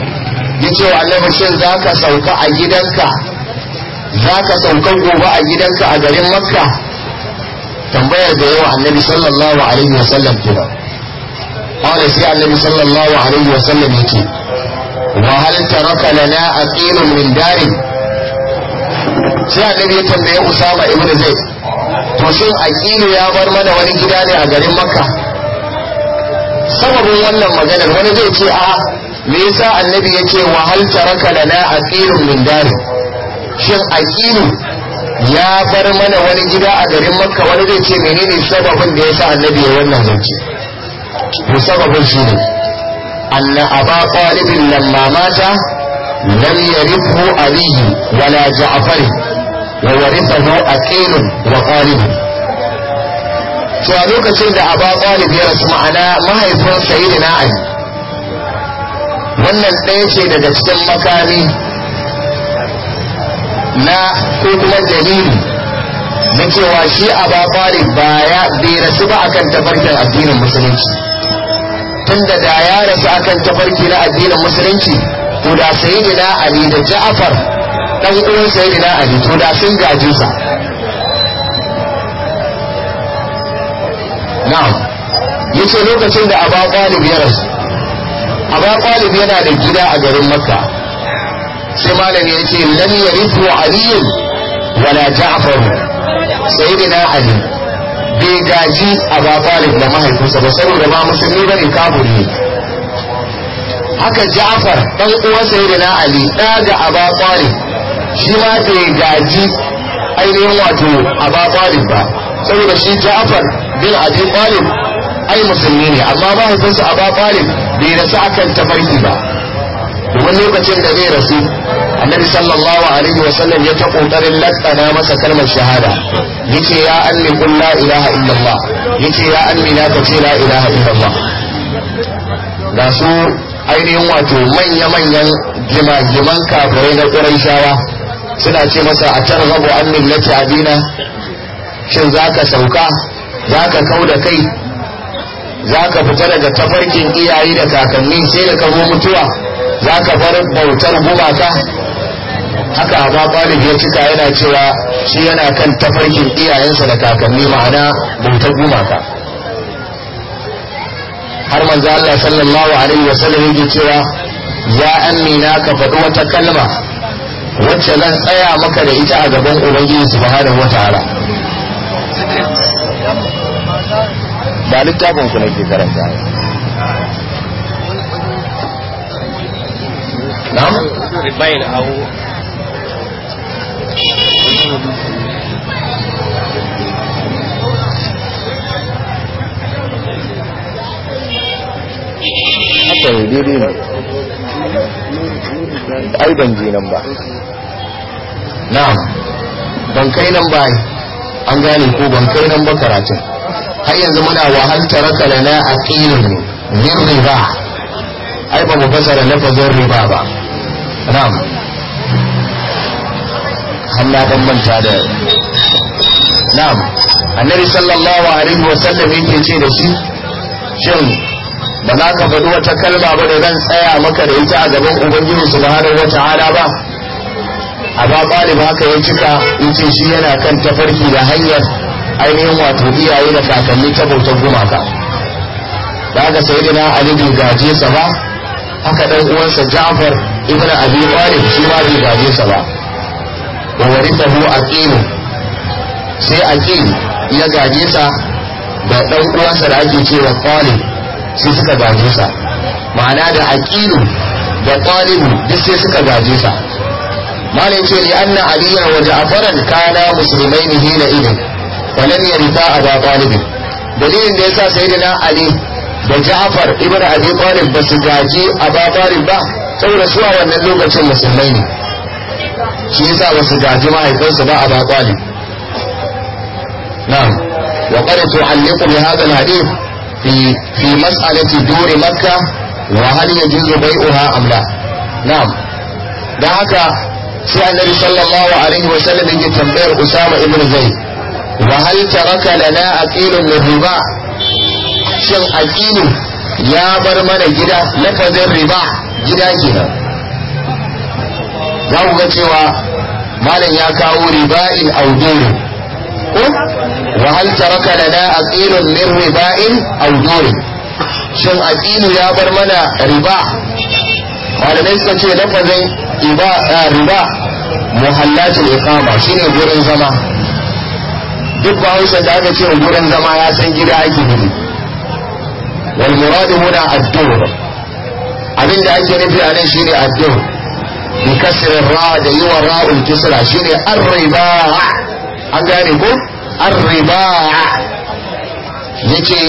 yace wa annabi shin zaka sauka a gidanka zaka sauka gobe a gidanka a garin makka tambayar da yawa annabi sallallahu alaihi wa sallam kira qala sai annabi sallallahu alaihi wa sallam yake wa hal taraka lana aqilun min dari sai annabi ya tambaye usama ibn zaid mutum Akilu ya bar mana wani gida ne a garin makka sababin wannan maganar wani zai ce a me yasa annabi yake wahal taraka lana aqilun min dari shin aqilu ya bar mana wani gida a garin makka wani zai ce menene sababin da yasa annabi ya wannan zance to sababin shi ne anna aba qalibin lamma mata lam yarifu alihi wala ja'far وورثه أكيل وقارب to a lokacin da aba ya rasu ma'ana mahaifin sayi wannan ɗaya ce daga cikin makami na ko kuma dalili na cewa shi aba ƙwalib ba ya bai rasu ba akan tafarkin addinin musulunci Tun da ya rasu akan tafarki na addinin musulunci ko da sayi na ali da ja'afar dan uwan sayyidina ali to da sun gaje sa na'am yace lokacin da aba qalib ya rasu aba qalib yana da gida a garin makka sai malami yace lam yarithu ali wala ja'far sayyidina ali bai gaji aba qalib da mahaifinsa ba saboda ba musulmi bane kafiri ne haka Ja'far dan uwan Sayyidina Ali da ga Aba Talib shi ma bai gaji ainihin wato a ba talib ba saboda shi ja'far bin abi talib ai musulmi ne amma a ba talib bai rasu akan tafarki ba domin lokacin da zai rasu annabi sallallahu alaihi wa sallam ya ta kokarin lakkana masa kalmar shahada yace ya anni qul la ilaha illallah yace ya anni la ta la ilaha illallah da su ainihin wato manya-manyan jima-jiman kafirai na ƙurayshawa shawa suna ce masa a targhabu an millati abina shin ka sauka zaka kauda kai zaka fita daga tafarkin iyaye da kakanni sai da ka zo mutuwa ka bar bautar gumaka haka amma ƙwalib ya cika yana cewa shi yana kan tafarkin iyayensa da kakanni ma'ana bautar gumaka har manzo Allah sallallahu alaihi wasallam yake cewa ya amina ka faɗi wata kalma wacce zan tsaya maka da ita a gaban ubangiji su wata wataala ba littafin ku ke karanta na'am ribayin hawo haka ne ai ban je nan ba na'am ban kai nan ba an gane ko ban kai nan ba karatun har yanzu muna wahal taraka lana aqilun min ba ai ba mu fasara lafazin riba ba na'am Allah ban manta da na'am annabi sallallahu alaihi wa sallam yake ce da shi shin ba za ka faɗi wata kalma ba da zan tsaya maka da ita a gaban ubangiji wata ta'ala ba amma ba haka ya cika yace shi yana kan tafarki da hanyar ainihin wato iyaye da kakanni ta bautar gumaka da haka sai na ali bin gaje sa ba haka dan uwansa ja'far ibn abi talib shi ma bai gaje sa ba wa warithahu aqil sai aqil ya gaje sa da dan uwansa da ake cewa talib sai suka gaje sa ma'ana da aqilu da talibu duk sai suka gaje sa malai ce li anna aliya wa ja'faran kana muslimaini hina idin wa lam yarita aba talib dalilin da yasa sayyidina ali da ja'far ibnu abi talib ba su gaje aba talib ba saboda su a wannan lokacin musulmai ne shi yasa ba su gaje mahaifinsu ba aba talib na'am wa qad tu'alliqu bi hadha al-hadith في مسألة دور مكة وهل يجوز بيعها أم لا da haka sai annabi sallallahu alaihi wa sallam yake tambayar Usama ibn Zaid wa hal taraka lana aqilun min riba shin aqilu ya bar mana gida lafazin riba gida gida. za ku ga cewa malam ya kawo riba'in auduru wa hal taraka lana aqilun min riba'in aw durin shin aqilu ya bar mana riba malamai suka ce lafazin riba muhallatul iqama shine gurin zama duk bahaushen da aka ce gurin zama ya san gida ake gudu wal muradu huna ad-dur abin da ake nufi a nan shine ad-dur bi ra da yiwa ra'ul kisra shine ar-riba an gane ko arriba yace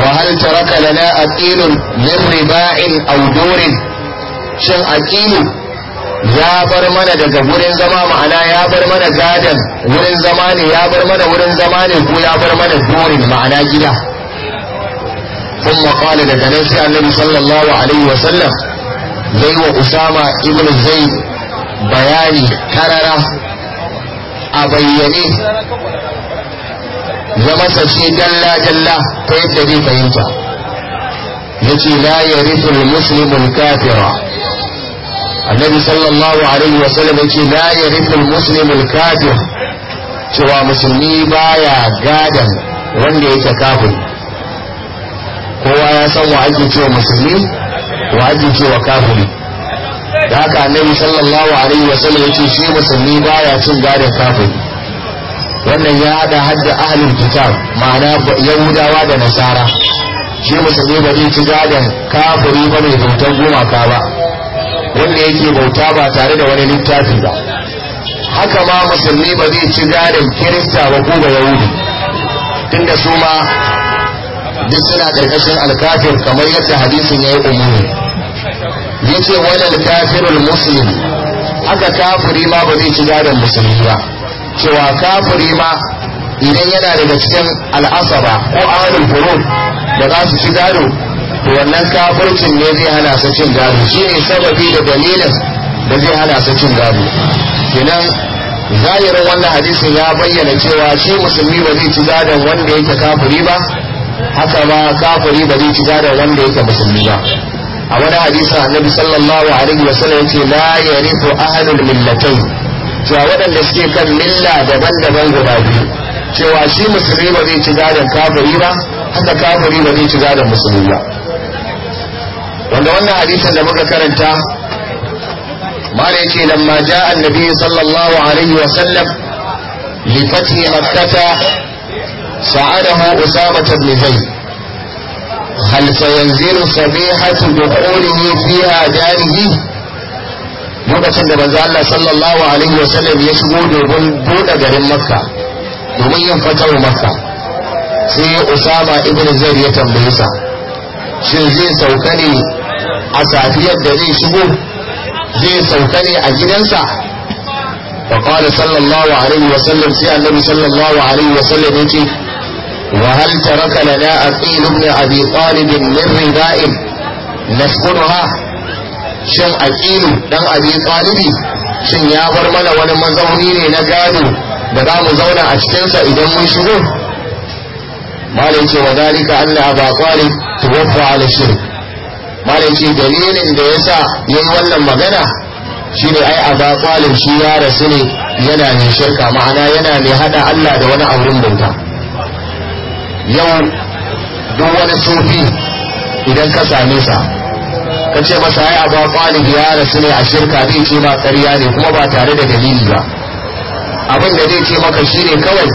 wa hal taraka lana aqilun min riba'in aw durin shin aqilu ya bar mana daga wurin zama ma'ana ya bar mana gadan wurin zama ne ya bar mana wurin zama ne ko ya bar mana durin ma'ana gida ثم قال daga nan sai annabi sallallahu alaihi wa sallam zai wa usama ibn zaid bayani tarara? a bayyane ya masa dalla dalla ta yadda zai fahimta yace la yarithu al-muslimu al-kafira annabi sallallahu alaihi wasallam yace la yarithu al-muslimu al-kafir cewa musulmi baya gadan wanda yake kafin. kowa ya san wa ake cewa musulmi wa ake cewa kafiri da haka annabi sallallahu alaihi wa sallam yace shi musulmi baya cin gadin kafiri wannan ya hada hadda ahlul kitab ma'ana yahudawa da nasara shi musulmi ba zai ci gadon kafiri ba mai bautar gumaka ba wanda yake bauta ba tare da wani littafi ba haka ma musulmi ba zai ci gadon kirista ba ko ba yahudi tunda su ma duk suna karkashin alkafir kamar yadda hadisin ya yi umuni yace walal kafirul muslim haka kafiri ma ba zai ci gadon musulmi ba cewa kafiri ma idan yana daga cikin al'asaba ko ahlul furud da za su ci gado to wannan kafircin ne zai hana su cin gado shine sababi da dalilin da zai hana su cin gado kenan zahirin wannan hadisin ya bayyana cewa shi musulmi ba zai ci gadon wanda yake kafiri ba haka ba kafiri ba zai ci gadon wanda yake musulmi ba a wani hadisi annabi sallallahu alaihi wa sallam yace la yarithu ahlul millatayn cewa waɗanda suke kan milla daban-daban guda biyu cewa shi musulmi ba zai ci gadon kafiri ba haka kafiri ba zai ci gadon musulmi ba wanda wannan hadisin da muka karanta mala yace lamma ja'a annabi sallallahu alaihi wa sallam li fathi makkah sa'adahu usama ibn zayd هل سينزل صبيحة دخوله فيها داره lokacin da manzo Allah sallallahu alaihi wa sallam ya shigo domin bude garin Makka domin yin fatar Makka sai Usama ibn Zaid ya tambaye sa shin zai sauka ne a safiyar da zai shigo zai sauka ne a gidansa fa qala sallallahu alaihi wa sallam sai annabi sallallahu alaihi wa wasallam yace وهل ترك لنا أثقيل بن أبي طالب من رداء نفقدها shin aqilu dan abi talibi shin ya bar mana wani mazauni ne na gado da za mu zauna a cikinsa idan mun shigo malai ce wa dalika anna aba talib tuwaffa ala shirk malai ce dalilin da yasa yin wannan magana shine ai aba shi ya rasu ne yana mai shirka ma'ana yana mai haɗa Allah da wani abun bauta yau duk wani sufi idan ka same sa ka ce masa ya ba ɗalibi ya rasu ne a shirka zai ce ma ƙarya ne kuma ba tare da dalili ba abin da zai ce maka shi ne kawai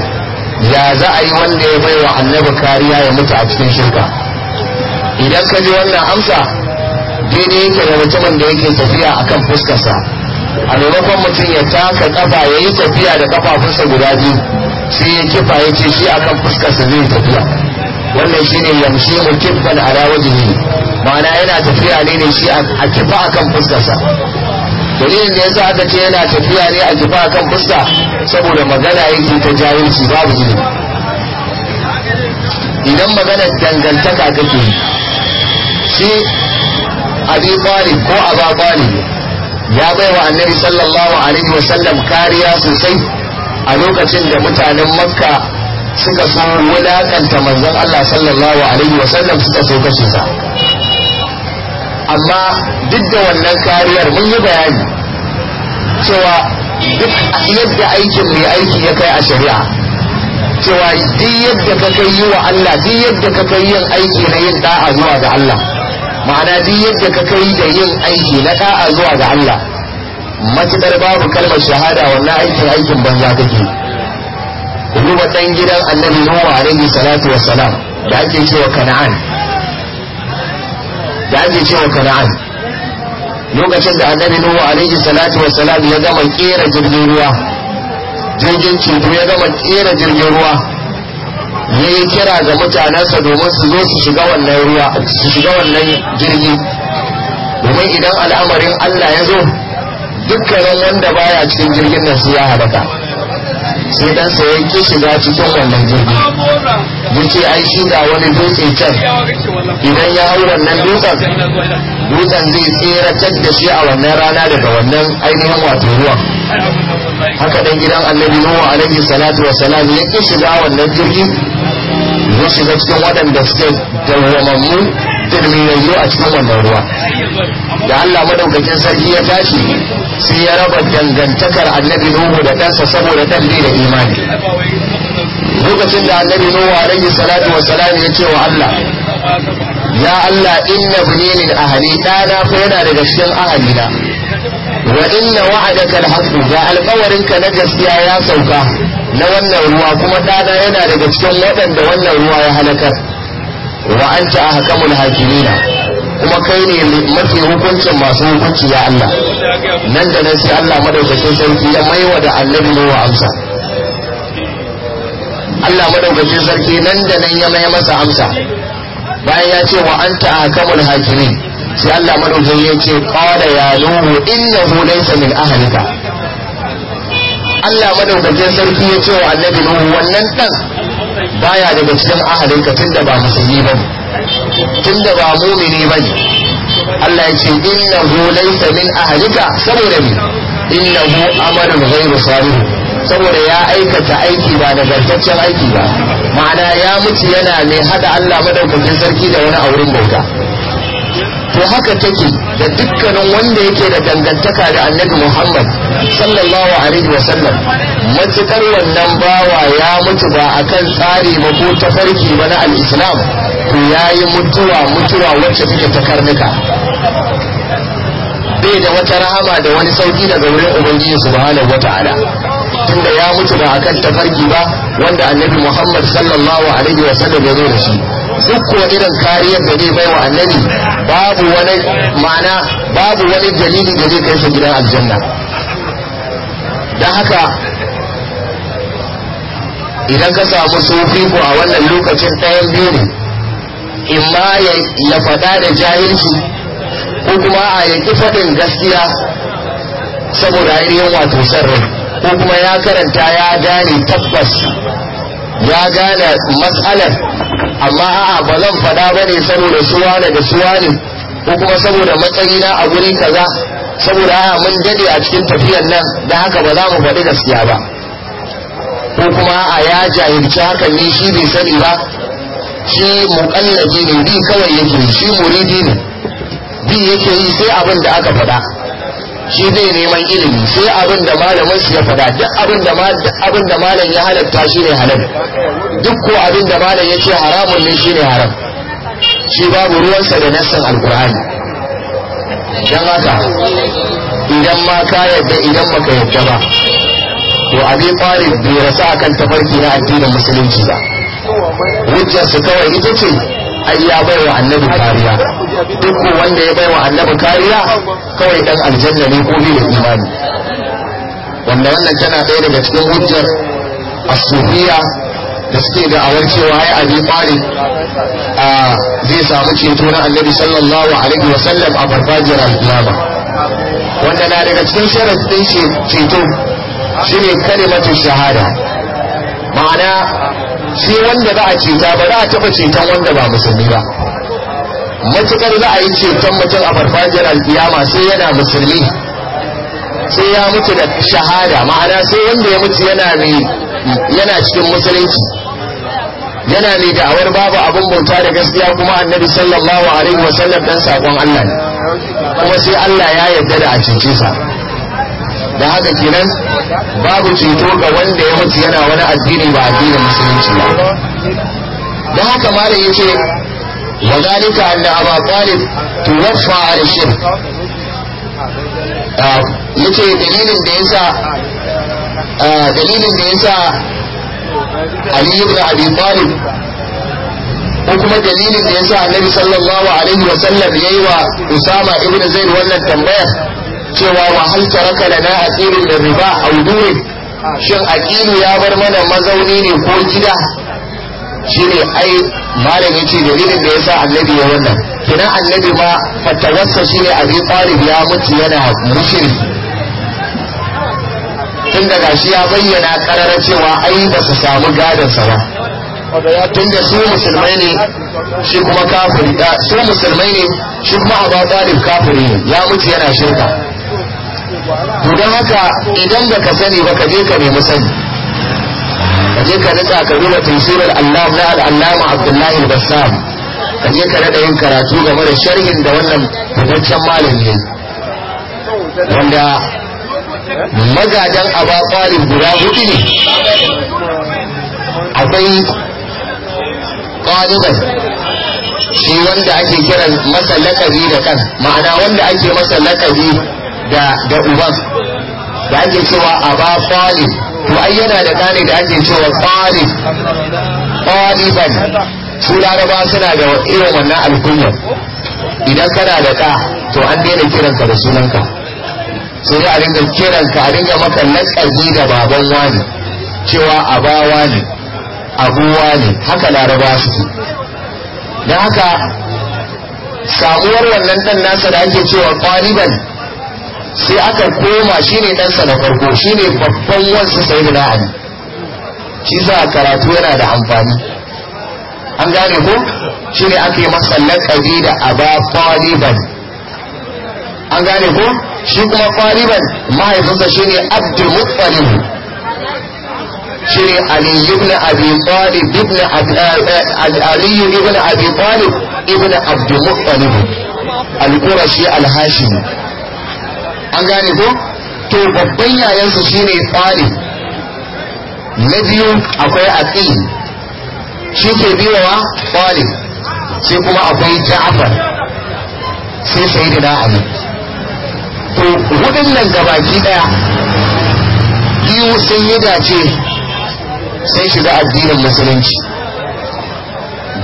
ya za a yi wanda ya baiwa annabi kariya ya mutu a cikin shirka idan ka ji wannan amsa daidai yake da mutumin da yake tafiya a kan fuskarsa a maimakon mutum ya taka kafa ya yi tafiya da kafafunsa guda biyu sai ya kifa ya ce shi akan fuskarsa zai tafiya wannan shine yamshi mu kifan ala ne ma'ana yana tafiya ne ne shi a kifa akan fuskarsa dalilin da yasa aka ce yana tafiya ne a kifa akan fuska saboda magana yake ta jahilci babu ne idan magana dangantaka kake shi abi talib ko aba talib ya baiwa annabi sallallahu alaihi wasallam kariya sosai a lokacin da mutanen makka suka so wulakanta manzon Allah sallallahu alaihi sallam suka so kashe sa amma duk da wannan kariyar mun yi bayani cewa duk yadda aikin mai aiki ya kai a shari'a cewa duk yadda ka kai yi wa Allah duk yadda ka kai yin aiki na yin da'a zuwa ga Allah ma'ana duk yadda ka kai da yin aiki na da'a zuwa ga Allah Matuɗar babu kalmar shahada wannan aikin aikin banza take ruba dan gidan annabi nuhu alaihi salatu salam da ake cewa kana'an da ake cewa kana'an lokacin da annabi nuhu alaihi salatu salam ya gama kera jirgin ruwa jirgin ceto ya gama kera jirgin ruwa ya yi kira ga mutanensa domin su zo su shiga wannan ruwa su shiga wannan jirgi domin idan al'amarin Allah ya zo dukkanin wanda baya cikin jirgin nan sai ya halaka sai dan sai ya ki shiga cikin wannan jirgin yace ai shi ga wani dutse can idan ya hau wannan dutsen dutsen zai tseratar da shi a wannan rana daga wannan ainihin wato ruwa. haka dan gidan annabi nuhu alaihi salatu salam ya ki shiga wannan jirgi ya shiga cikin waɗanda suke dawwamammu turmiyayyu a cikin wannan ruwa da Allah madaukakin sarki ya tashi sai ya raba dangantakar annabi nuhu da ɗansa saboda ɗan da imani lokacin da annabi nuhu alaihi salatu wa salam ya ce wa Allah ya Allah inna buninin ahali ɗana fa yana daga cikin ahalina wa inna wa'adaka alhaqu ga alƙawarinka na gaskiya ya sauka na wannan ruwa kuma ɗana yana daga cikin waɗanda wannan ruwa ya halakar wa anta ahkamul hakimina kuma kai ne mafi hukuncin masu hukunci ya Allah nan da nan sai Allah madaukakin sarki ya maiwa da annabi Nuhu amsa Allah madaukakin sarki nan da nan ya mai masa amsa bayan ya ce wa anta akamul hakimin sai Allah madaukakin ya ce qala ya Nuhu innahu laysa min ahlika Allah madaukakin sarki ya ce wa annabi Nuhu wannan dan baya daga cikin ahalinka tunda ba musulmi bane tunda ba mumini bane Allah ya ce innahu laysa min ahlika saboda ni innahu amalun ghayru salih saboda ya aikata aiki ba da gartaccen aiki ba ma'ana ya mutu yana mai hada Allah madaukakin sarki da wani auren bauta to haka take da dukkanin wanda yake da dangantaka da annabi muhammad sallallahu alaihi wa sallam matukar wannan bawa ya mutu ba akan tsari ba ko tafarki ba na al'islam to ya yi mutuwa mutuwa wacce take ta karnuka bai da wata rahama da wani sauki daga wurin ubangiji subhanahu wata'ala tunda ya mutu ba a akan tafarki ba wanda annabi muhammad sallallahu alaihi wa sallam ya zo da shi duk ko irin kariyar da zai bai wa annabi babu wani ma'ana babu wani dalili da zai kai shi gidan aljanna don haka idan ka samu sufi ko a wannan lokacin ɗayan biyu ne in ma ya faɗa da jahilci ko kuma a ki faɗin gaskiya saboda ainihin wato sarrai ko kuma ya karanta ya gane tabbas ya gane matsalar amma a'a ba zan faɗa ba ne saboda suwa da suwa ne ko kuma saboda matsayi na a guri kaza saboda a'a mun dade a cikin tafiyar nan da haka ba za mu faɗi gaskiya ba ko kuma a'a ya jahilci haka ne shi bai sani ba shi muƙallabi ne bi kawai yake shi muridi ne bi yake yi sai abin da aka faɗa shi zai neman ilimi sai abin da malamin su ya faɗa duk abin da abin da malam ya halatta shi ne halal duk ko abin da malam ya ce haramun ne shi ne haram shi babu ruwansa da nassan alkur'ani don haka idan ma ka yadda idan baka yadda ba to abin fari bai rasu akan tafarki na addinin musulunci ba su kawai ita ce ai ya bai wa annabi kariya duk wanda ya bai wa annabi kariya kawai dan aljanna ne ko bai imani wanda wannan tana ɗaya daga cikin hujjar asufiya da suke da awar cewa ai abi talib a zai samu ceto na annabi sallallahu alaihi wa sallam a farfajiyar alkiyama wanda na daga cikin ɗin ceto shine kalimatu shahada ma'ana shi wanda za a cinta ba za a taɓa ceton wanda ba musulmi ba matukar za a yi ceton mutum a farfajiyar alkiyama sai yana musulmi sai ya mutu da shahada ma'ana sai wanda ya mutu yana cikin musulunci yana mai da'awar babu abin bauta da gaskiya kuma annabi sallallahu alaihi wasallam dan sakon Allah ne kuma sai Allah ya yarda da a cince sa da haka kenan babu ceto ga wanda ya mutu yana wani addini ba addinin musulunci ba da haka malam yace wa zalika anna aba talib tuwaffa al shirk ah, yace dalilin da yasa ah, dalilin da yasa Ali ibn Abi Talib ko kuma dalilin da yasa Annabi sallallahu alaihi wa sallam yayi wa Usama ibn Zaid wannan tambayar cewa wa hal taraka lana asirin da riba aw durin shin akili ya bar mana mazauni ne ko gida shine ai malami ce dalilin da yasa annabi ya wannan kina annabi ma fatawassa shine abi talib ya mutu yana mushriki tun daga shi ya bayyana karara cewa ai ba su samu sa ba tun da su musulmai ne shi kuma kafiri su musulmai ne shi kuma abu talib kafiri ne ya mutu yana shirka to don haka idan baka sani ba ka je ka nemi sani ka je ka rika ka duba tafsirar Allah na al-Allama Abdullahi al-Bassam ka je ka rika yin karatu game da sharhin da wannan fitaccen malami wanda magadan aba guda hudu ne akwai ƙwadugan shi wanda ake kiran masa lakabi da kan ma'ana wanda ake masa lakabi da da uban da ake cewa aba talib to ai yana da kane da ake cewa talib taliban su laraba suna da irin wannan alkunya idan kana da ka to an daina kiranka da sunanka sai dai a dinga kiranka a dinga maka lakabi da baban wani cewa ba wani abuwa ne haka laraba su da haka samuwar wannan dan nasa da ake cewa taliban sai aka koma shine ɗansa na farko shine babban wansa sai da ali shi sa karatu yana da amfani an gane ko shine aka yi masa laƙabi da aba faliban. an gane ko shi kuma faliban mahaifinsa shine abdul muttalib shine ali ibn abi talib ibn eh, eh, ali ibn abi talib ibn abdul muttalib al-qurashi al-hashimi an gane ko to babban yayansu shine tsari na biyu akwai aqil shi ke biyowa tsari sai kuma akwai ja'far sai sayyidina ali to hudun nan gabaki daya biyu sun yi dace sai shiga addinin musulunci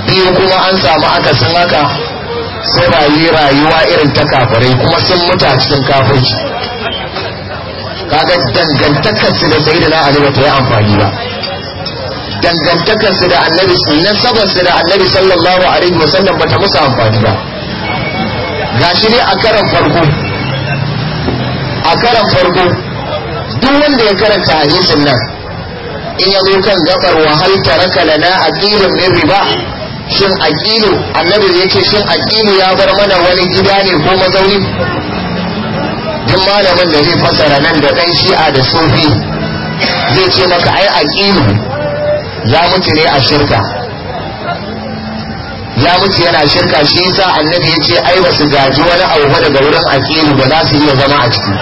biyu kuma an samu akasin haka suna yi rayuwa irin ta kafirai kuma sun mutu a cikin kafirci kaga dangantakar su da na a ba ta yi amfani ba dangantakar su da annabi sabon su da annabi sallallahu alaihi wasallam ba ta musa amfani ba gashi ne a karan farko a karan farko duk wanda ya karanta hadisin nan in yi zo kan gabar wahal taraka lana aqilan min riba shin aqilu annabi ya ce shin aqilu ya bar mana wani gida ne ko mazauni duk malamin da zai fasara nan da dan shi'a da sufi zai ce maka ai aqilu ya mutu ne a shirka ya mutu yana shirka shi yasa annabi ya ce ai wasu gaji wani abu daga wurin aqilu ba za su iya zama a ciki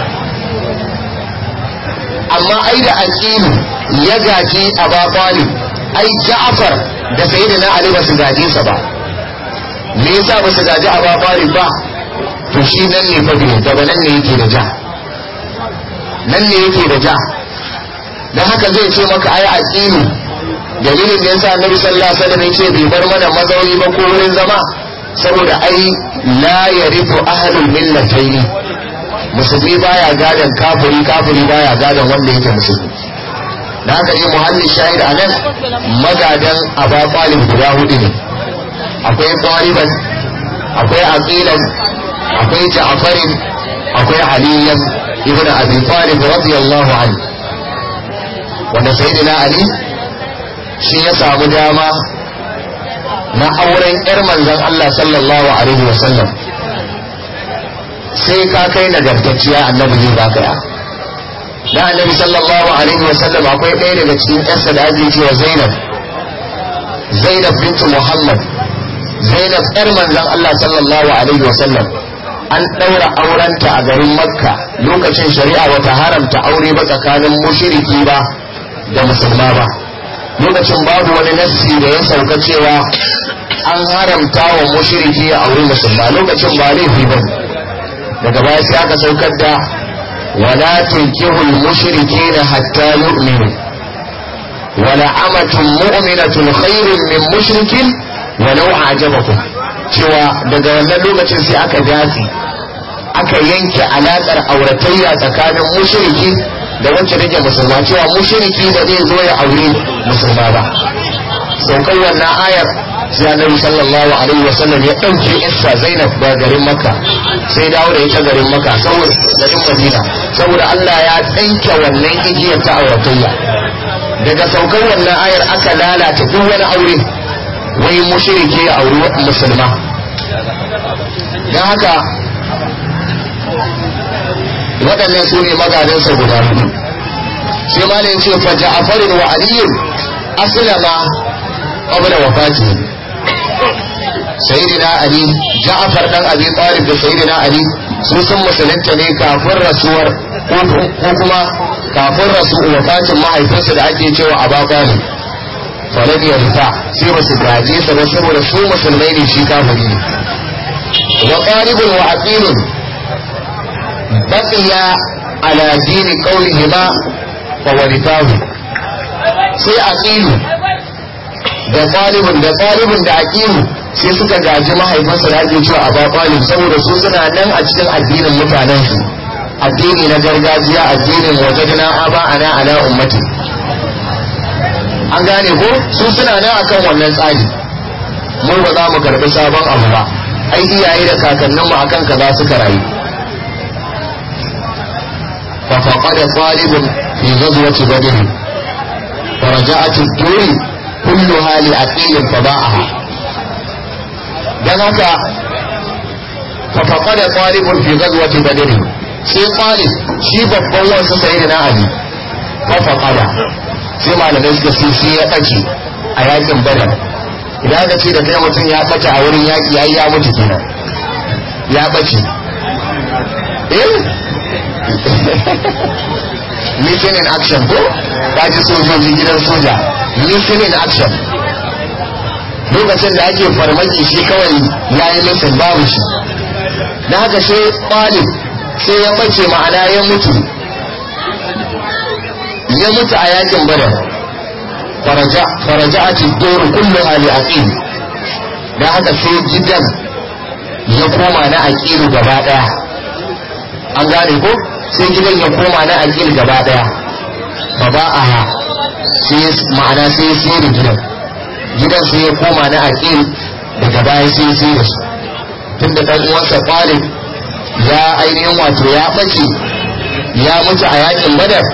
amma ai da aqilu ya gaji a bakwani ai ja'far da na ali ba su gaje sa ba me yasa ba su gaji a babari ba to shi nan ne fa bai da nan ne yake da ja nan ne yake da ja dan haka zai ce maka ai aqilu dalilin da yasa annabi sallallahu alaihi wasallam yake bai bar mana mazauni ba ko wurin zama saboda ai la yarifu ahlul millatayni musulmi baya gadan kafiri kafiri baya gadan wanda yake musulmi da haka yi muhallin shahid a nan magadan aba talib guda hudu ne akwai talibas akwai aqilas akwai ja'farin akwai aliyan ibn abi talib radiyallahu anhu wanda sayyidina ali shi ya samu dama na auren yar manzon Allah sallallahu alaihi wasallam sai ka kai nagartacciya annabi zai baka ya na annabi sallallahu alaihi wa sallam akwai ɗaya daga cikin ƴarsa da ake cewa Zainab Zainab bintu Muhammad Zainab ƴar manzon Allah sallallahu alaihi wa sallam an ɗaura aurenta a garin Makka lokacin shari'a wata haramta aure ba tsakanin mushriki ba da musulma ba lokacin babu wani nassi da ya sauka cewa an haramta wa mushriki a aure musulma lokacin ba laifi ba daga baya sai aka saukar da ولا تنكه المشركين حتى يؤمنوا ولعمة مؤمنة خير من مشرك ولو أعجبكم cewa daga wannan lokacin sai aka dace aka yanke alaƙar auratayya tsakanin mushriki da wacce take musulma cewa mushriki ba zai zo ya aure musulma ba saukar wannan ayar sai annabi sallallahu alaihi wa sallam ya dauke yarsa zainab ba garin makka sai dawo da ita garin makka saboda garin madina saboda allah ya tsanke wannan igiyar ta auratayya daga saukar wannan ayar aka lalata duk wani aure wai mushrike ya auri musulma don haka waɗannan su ne sa guda biyu sai malin ce fa ja'farin wa aliyun aslama qabla wafatihi sayyidina ali ja'far dan abi talib da sayyidina ali su sun musulunta ne kafin rasuwar ko kuma kafin rasu wafatin mahaifinsa da ake cewa a baka ne. falad ya rufa sai ba su gaje sa ba saboda su musulmai ne shi kafiri ne wa qalibun wa aqilun baqiya ala dini qawlihima fa warithahu sai aqilu da qalibun da qalibun da aqilu sai suka gaji mahaifinsa da ake cewa a Talib saboda su suna nan a cikin addinin mutanen su addini na gargajiya addinin wajadna aba ana ala ummati an gane ko su suna nan akan wannan tsari mu ba za mu karbi sabon abu ba ai iyaye da kakanninmu akan kaza suka rayu ففقد طالب في غزوة بدر فرجعت الدور كلها لأخيه فباعها don haka fafafa da tsalibun fi da dare sai tsalib shi babban wasu sai na ali fafafa da sai malamai suka ce sai ya ɓace a yakin badar idan aka ce da kai mutum ya ɓace a wurin yaƙi ya yi ya mutu kenan ya ɓace missing eh? in action ko ta ji sojoji gidan soja missing in action lokacin da ake farmaki shi kawai ya yi nufin babu shi da haka sai ƙwalib sai ya mace ma'ana ya mutu ya mutu a yakin bada faraja a cikin kullum ali aqil da haka sai gidan ya koma na aqilu gaba daya an gane ko sai gidan ya koma na aqil gaba daya ba ba a ma'ana sai ya sayar gidan gidan sai ya koma na aqil daga baya sai sai da su da dan uwansa Khalid ya ainihin wato ya bace ya mutu a yakin Badar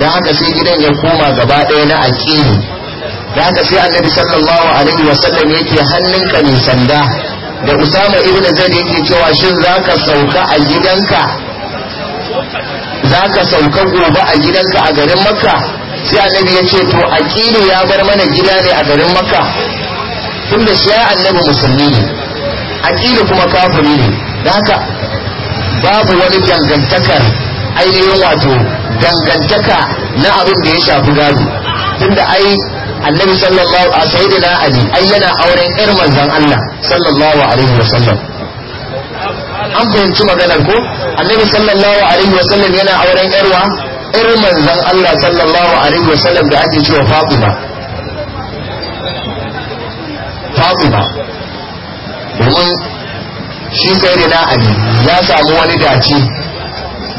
dan haka sai gidan ya koma gaba ɗaya na aqil dan haka sai annabi sallallahu alaihi wasallam yake hannun hannunka mai sanda da Usama ibn Zaid yake cewa shin zaka sauka a gidanka zaka sauka gobe a gidanka a garin Makka sai annabi ya ce to aqilu ya bar mana gida ne a garin makka tunda shi ya annabi musulmi ne aqilu kuma kafiri ne da haka babu wani dangantakar ainihin wato dangantaka na abin da ya shafi gado tunda ai annabi sallallahu a na ali ai yana auren yar manzon Allah sallallahu alaihi wasallam an fahimci maganar ko annabi sallallahu alaihi wasallam yana auren yarwa ƴar manzan Allah sallallahu alaihi wasallam da ake cewa Fatima Fatima domin shi sai na Ali ya samu wani dace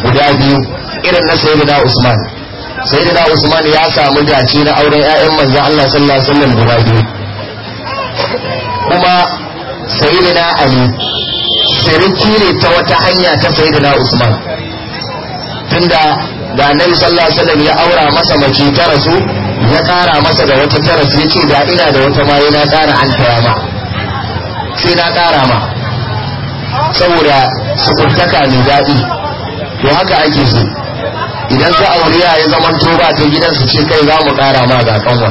guda biyu irin na sai da Usman sai da Usman ya samu dace na auren ƴaƴan manzan Allah sallallahu alaihi wasallam guda biyu kuma sai sayyidina Ali siriki ne ta wata hanya ta sai da Usman tunda da annabi sallallahu alaihi wasallam ya aura masa mace ta rasu ya kara masa da wata ta rasu yace da ina da wata mai na kara an ma sai na kara ma saboda sukuntaka mai daɗi to haka ake so idan ka auriya ya zaman to ba ta gidan su ce kai za mu kara ma ga kanwa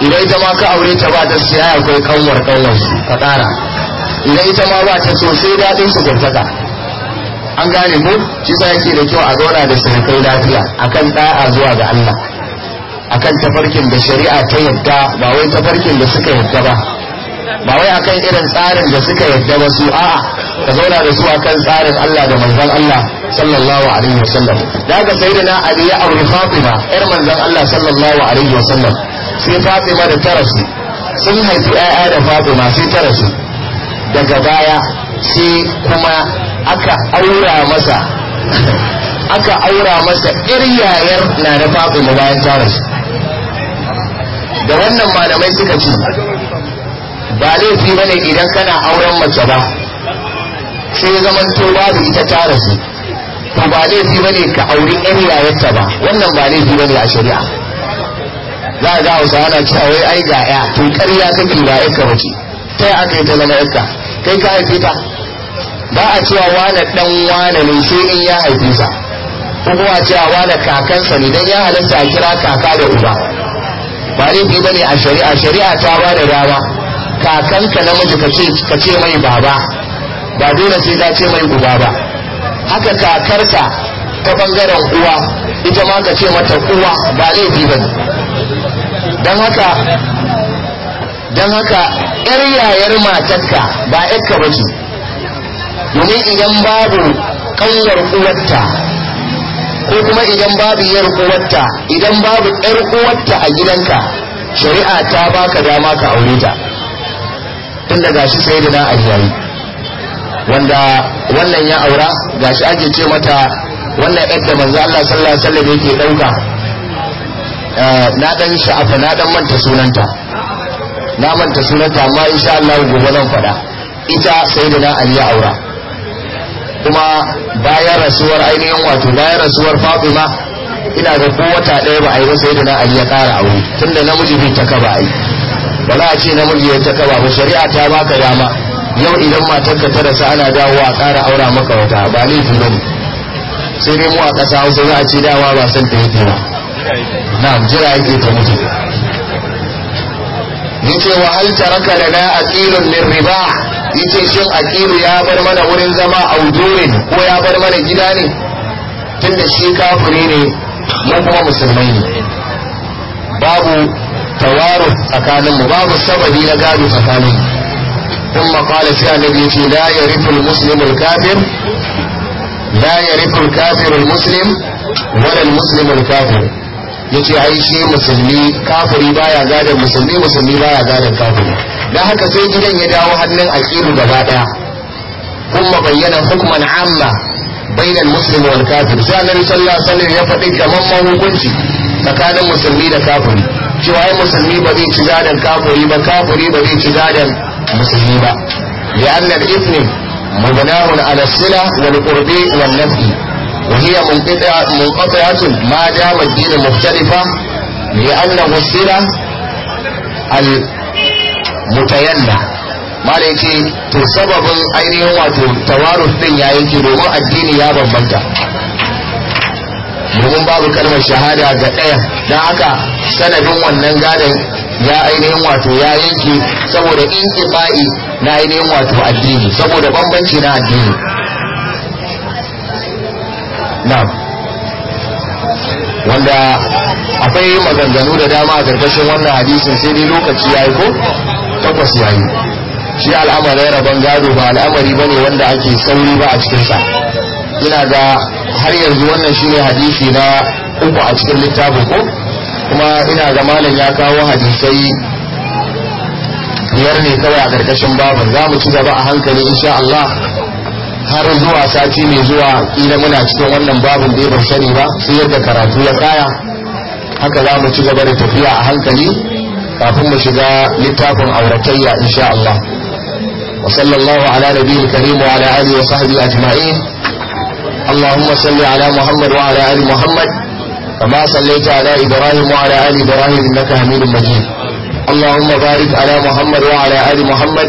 idan ita ma ka aure ta ba ta sai akwai kanwar kanwar su ka kara idan ita ma ba ta so sai daɗin sukuntaka an gane mu shi sa yake da kyau a zauna da sanakai lafiya akan da'a zuwa ga Allah akan tafarkin da shari'a ta yadda ba wai tafarkin da suka yadda ba ba wai akan irin tsarin da suka yadda ba su a'a ka zauna da su akan tsarin Allah da manzon Allah sallallahu alaihi wasallam da ga sayyidina Ali ya aure Fatima ƴar manzon Allah sallallahu alaihi wasallam sai Fatima da tarasu sun haifi 'ƴa'ƴa da Fatima sai tarasu daga baya sai kuma aka aura masa aka aura masa iryayar na da da bayan taras da wannan malamai suka ce ba laifi ba ne idan kana auren mace ba sai zaman to babu ita ta rasu to ba laifi ba ne ka auri yan yayarta ba wannan ba laifi ba ne a shari'a za a ga hausa ana cewa wai ai ga ya to ƙarya kake ba ya ba ce ta aka yi ta zama yanka kai ka haife ta ba a cewa wane dan wane ne sai in ya haife sa ko a cewa wane kakansa ne dan ya halatta a kira kaka da uba ba laifi bane a shari'a shari'a ta ba da dama kakanka namiji ka ce ka ce mai baba ba dole sai ka ce mai uba ba haka kakarka ta bangaren uwa ita ma ka ce mata uwa ba laifi bane dan haka don haka yar yayar matarka ba yarka ba ce domin idan babu kanwar uwarta ko kuma idan babu yar uwarta idan babu yar uwarta a gidanka shari'a ta baka dama ka aure ta tunda gashi sai da na wanda wannan ya aura gashi ake ce mata wannan da manzo Allah sallallahu alaihi wasallam yake dauka eh, na dan sha'afa na dan manta sunanta na manta sunanta amma insha Allah gobe zan faɗa ita sayyidina Ali ya aura kuma bayan rasuwar ainihin wato bayan rasuwar Fatima ina da ko wata ɗaya ba a yi ba sayyidina Ali ya ƙara aure tunda namiji bai ta kaba ai ba za a ce namiji ya ta kaba ba shari'a ta baka dama yau idan matar ka ta rasu ana dawowa a ƙara aura maka wata ba laifi ba sai dai mu a ƙasa hausa za a ce dawa ba san ta yake ba na jira yake ta mutu yace wa hal taraka lana aqilun min riba yace shin aqilu ya bar mana wurin zama a audurin ko ya bar mana gida ne tunda shi kafiri ne mu kuma musulmai ne babu tawaru mu babu sababi na gado tsakaninmu ثم قال في النبي la yarifu المسلم الكافر لا يرث alkafiru المسلم muslim المسلم ya ce ai shi musulmi kafiri baya gadon musulmi musulmi baya gadon kafiri don haka sai gidan ya dawo hannun alƙiru gaba ɗaya kuma bayyana hukuman amma bainan musulmi wal kafir sai annabi sallallahu alaihi wasallam ya faɗi gamamman hukunci tsakanin musulmi da kafiri cewa ai musulmi ba zai ci gadon kafiri ba kafiri ba zai ci gadon musulmi ba li'anna al-ithmi mubnahun ala sila wal qurbi wal nafi وهي منقطعة منقطعة ما دام الدين مختلفا لأنه السيرة المتينة ما ainihin تسبب أينه وتوارث بين يأتي domin addini ya bambanta domin babu kalmar shahada ga ɗaya don haka sanadin wannan gadon ya ainihin wato ya yanke saboda ba'i na ainihin wato addini saboda bambanci na addini na'am wanda akwai maganganu da dama a karkashin wannan hadisin sai dai lokaci ya yi ko takwas ya yi shi al'amarin rabon gado ba al'amari ba ne wanda ake sauri ba a cikinsa ina ga har yanzu wannan shine hadisi na uku a cikin littafin ko kuma ina ga malam ya kawo hadisai biyar ne kawai a karkashin babin za mu ci gaba a hankali insha Allah har zuwa sati mai zuwa kila muna cikin wannan babin da ban sani ba sai yadda karatu ya tsaya haka za mu ci gaba da tafiya a hankali kafin mu shiga littafin auratayya insha Allah wa sallallahu ala nabiyil karim wa ala alihi wa sahbihi ajma'in اللهم صل على محمد وعلى ال محمد كما صليت على ابراهيم وعلى ال ابراهيم انك حميد مجيد اللهم بارك على محمد وعلى ال محمد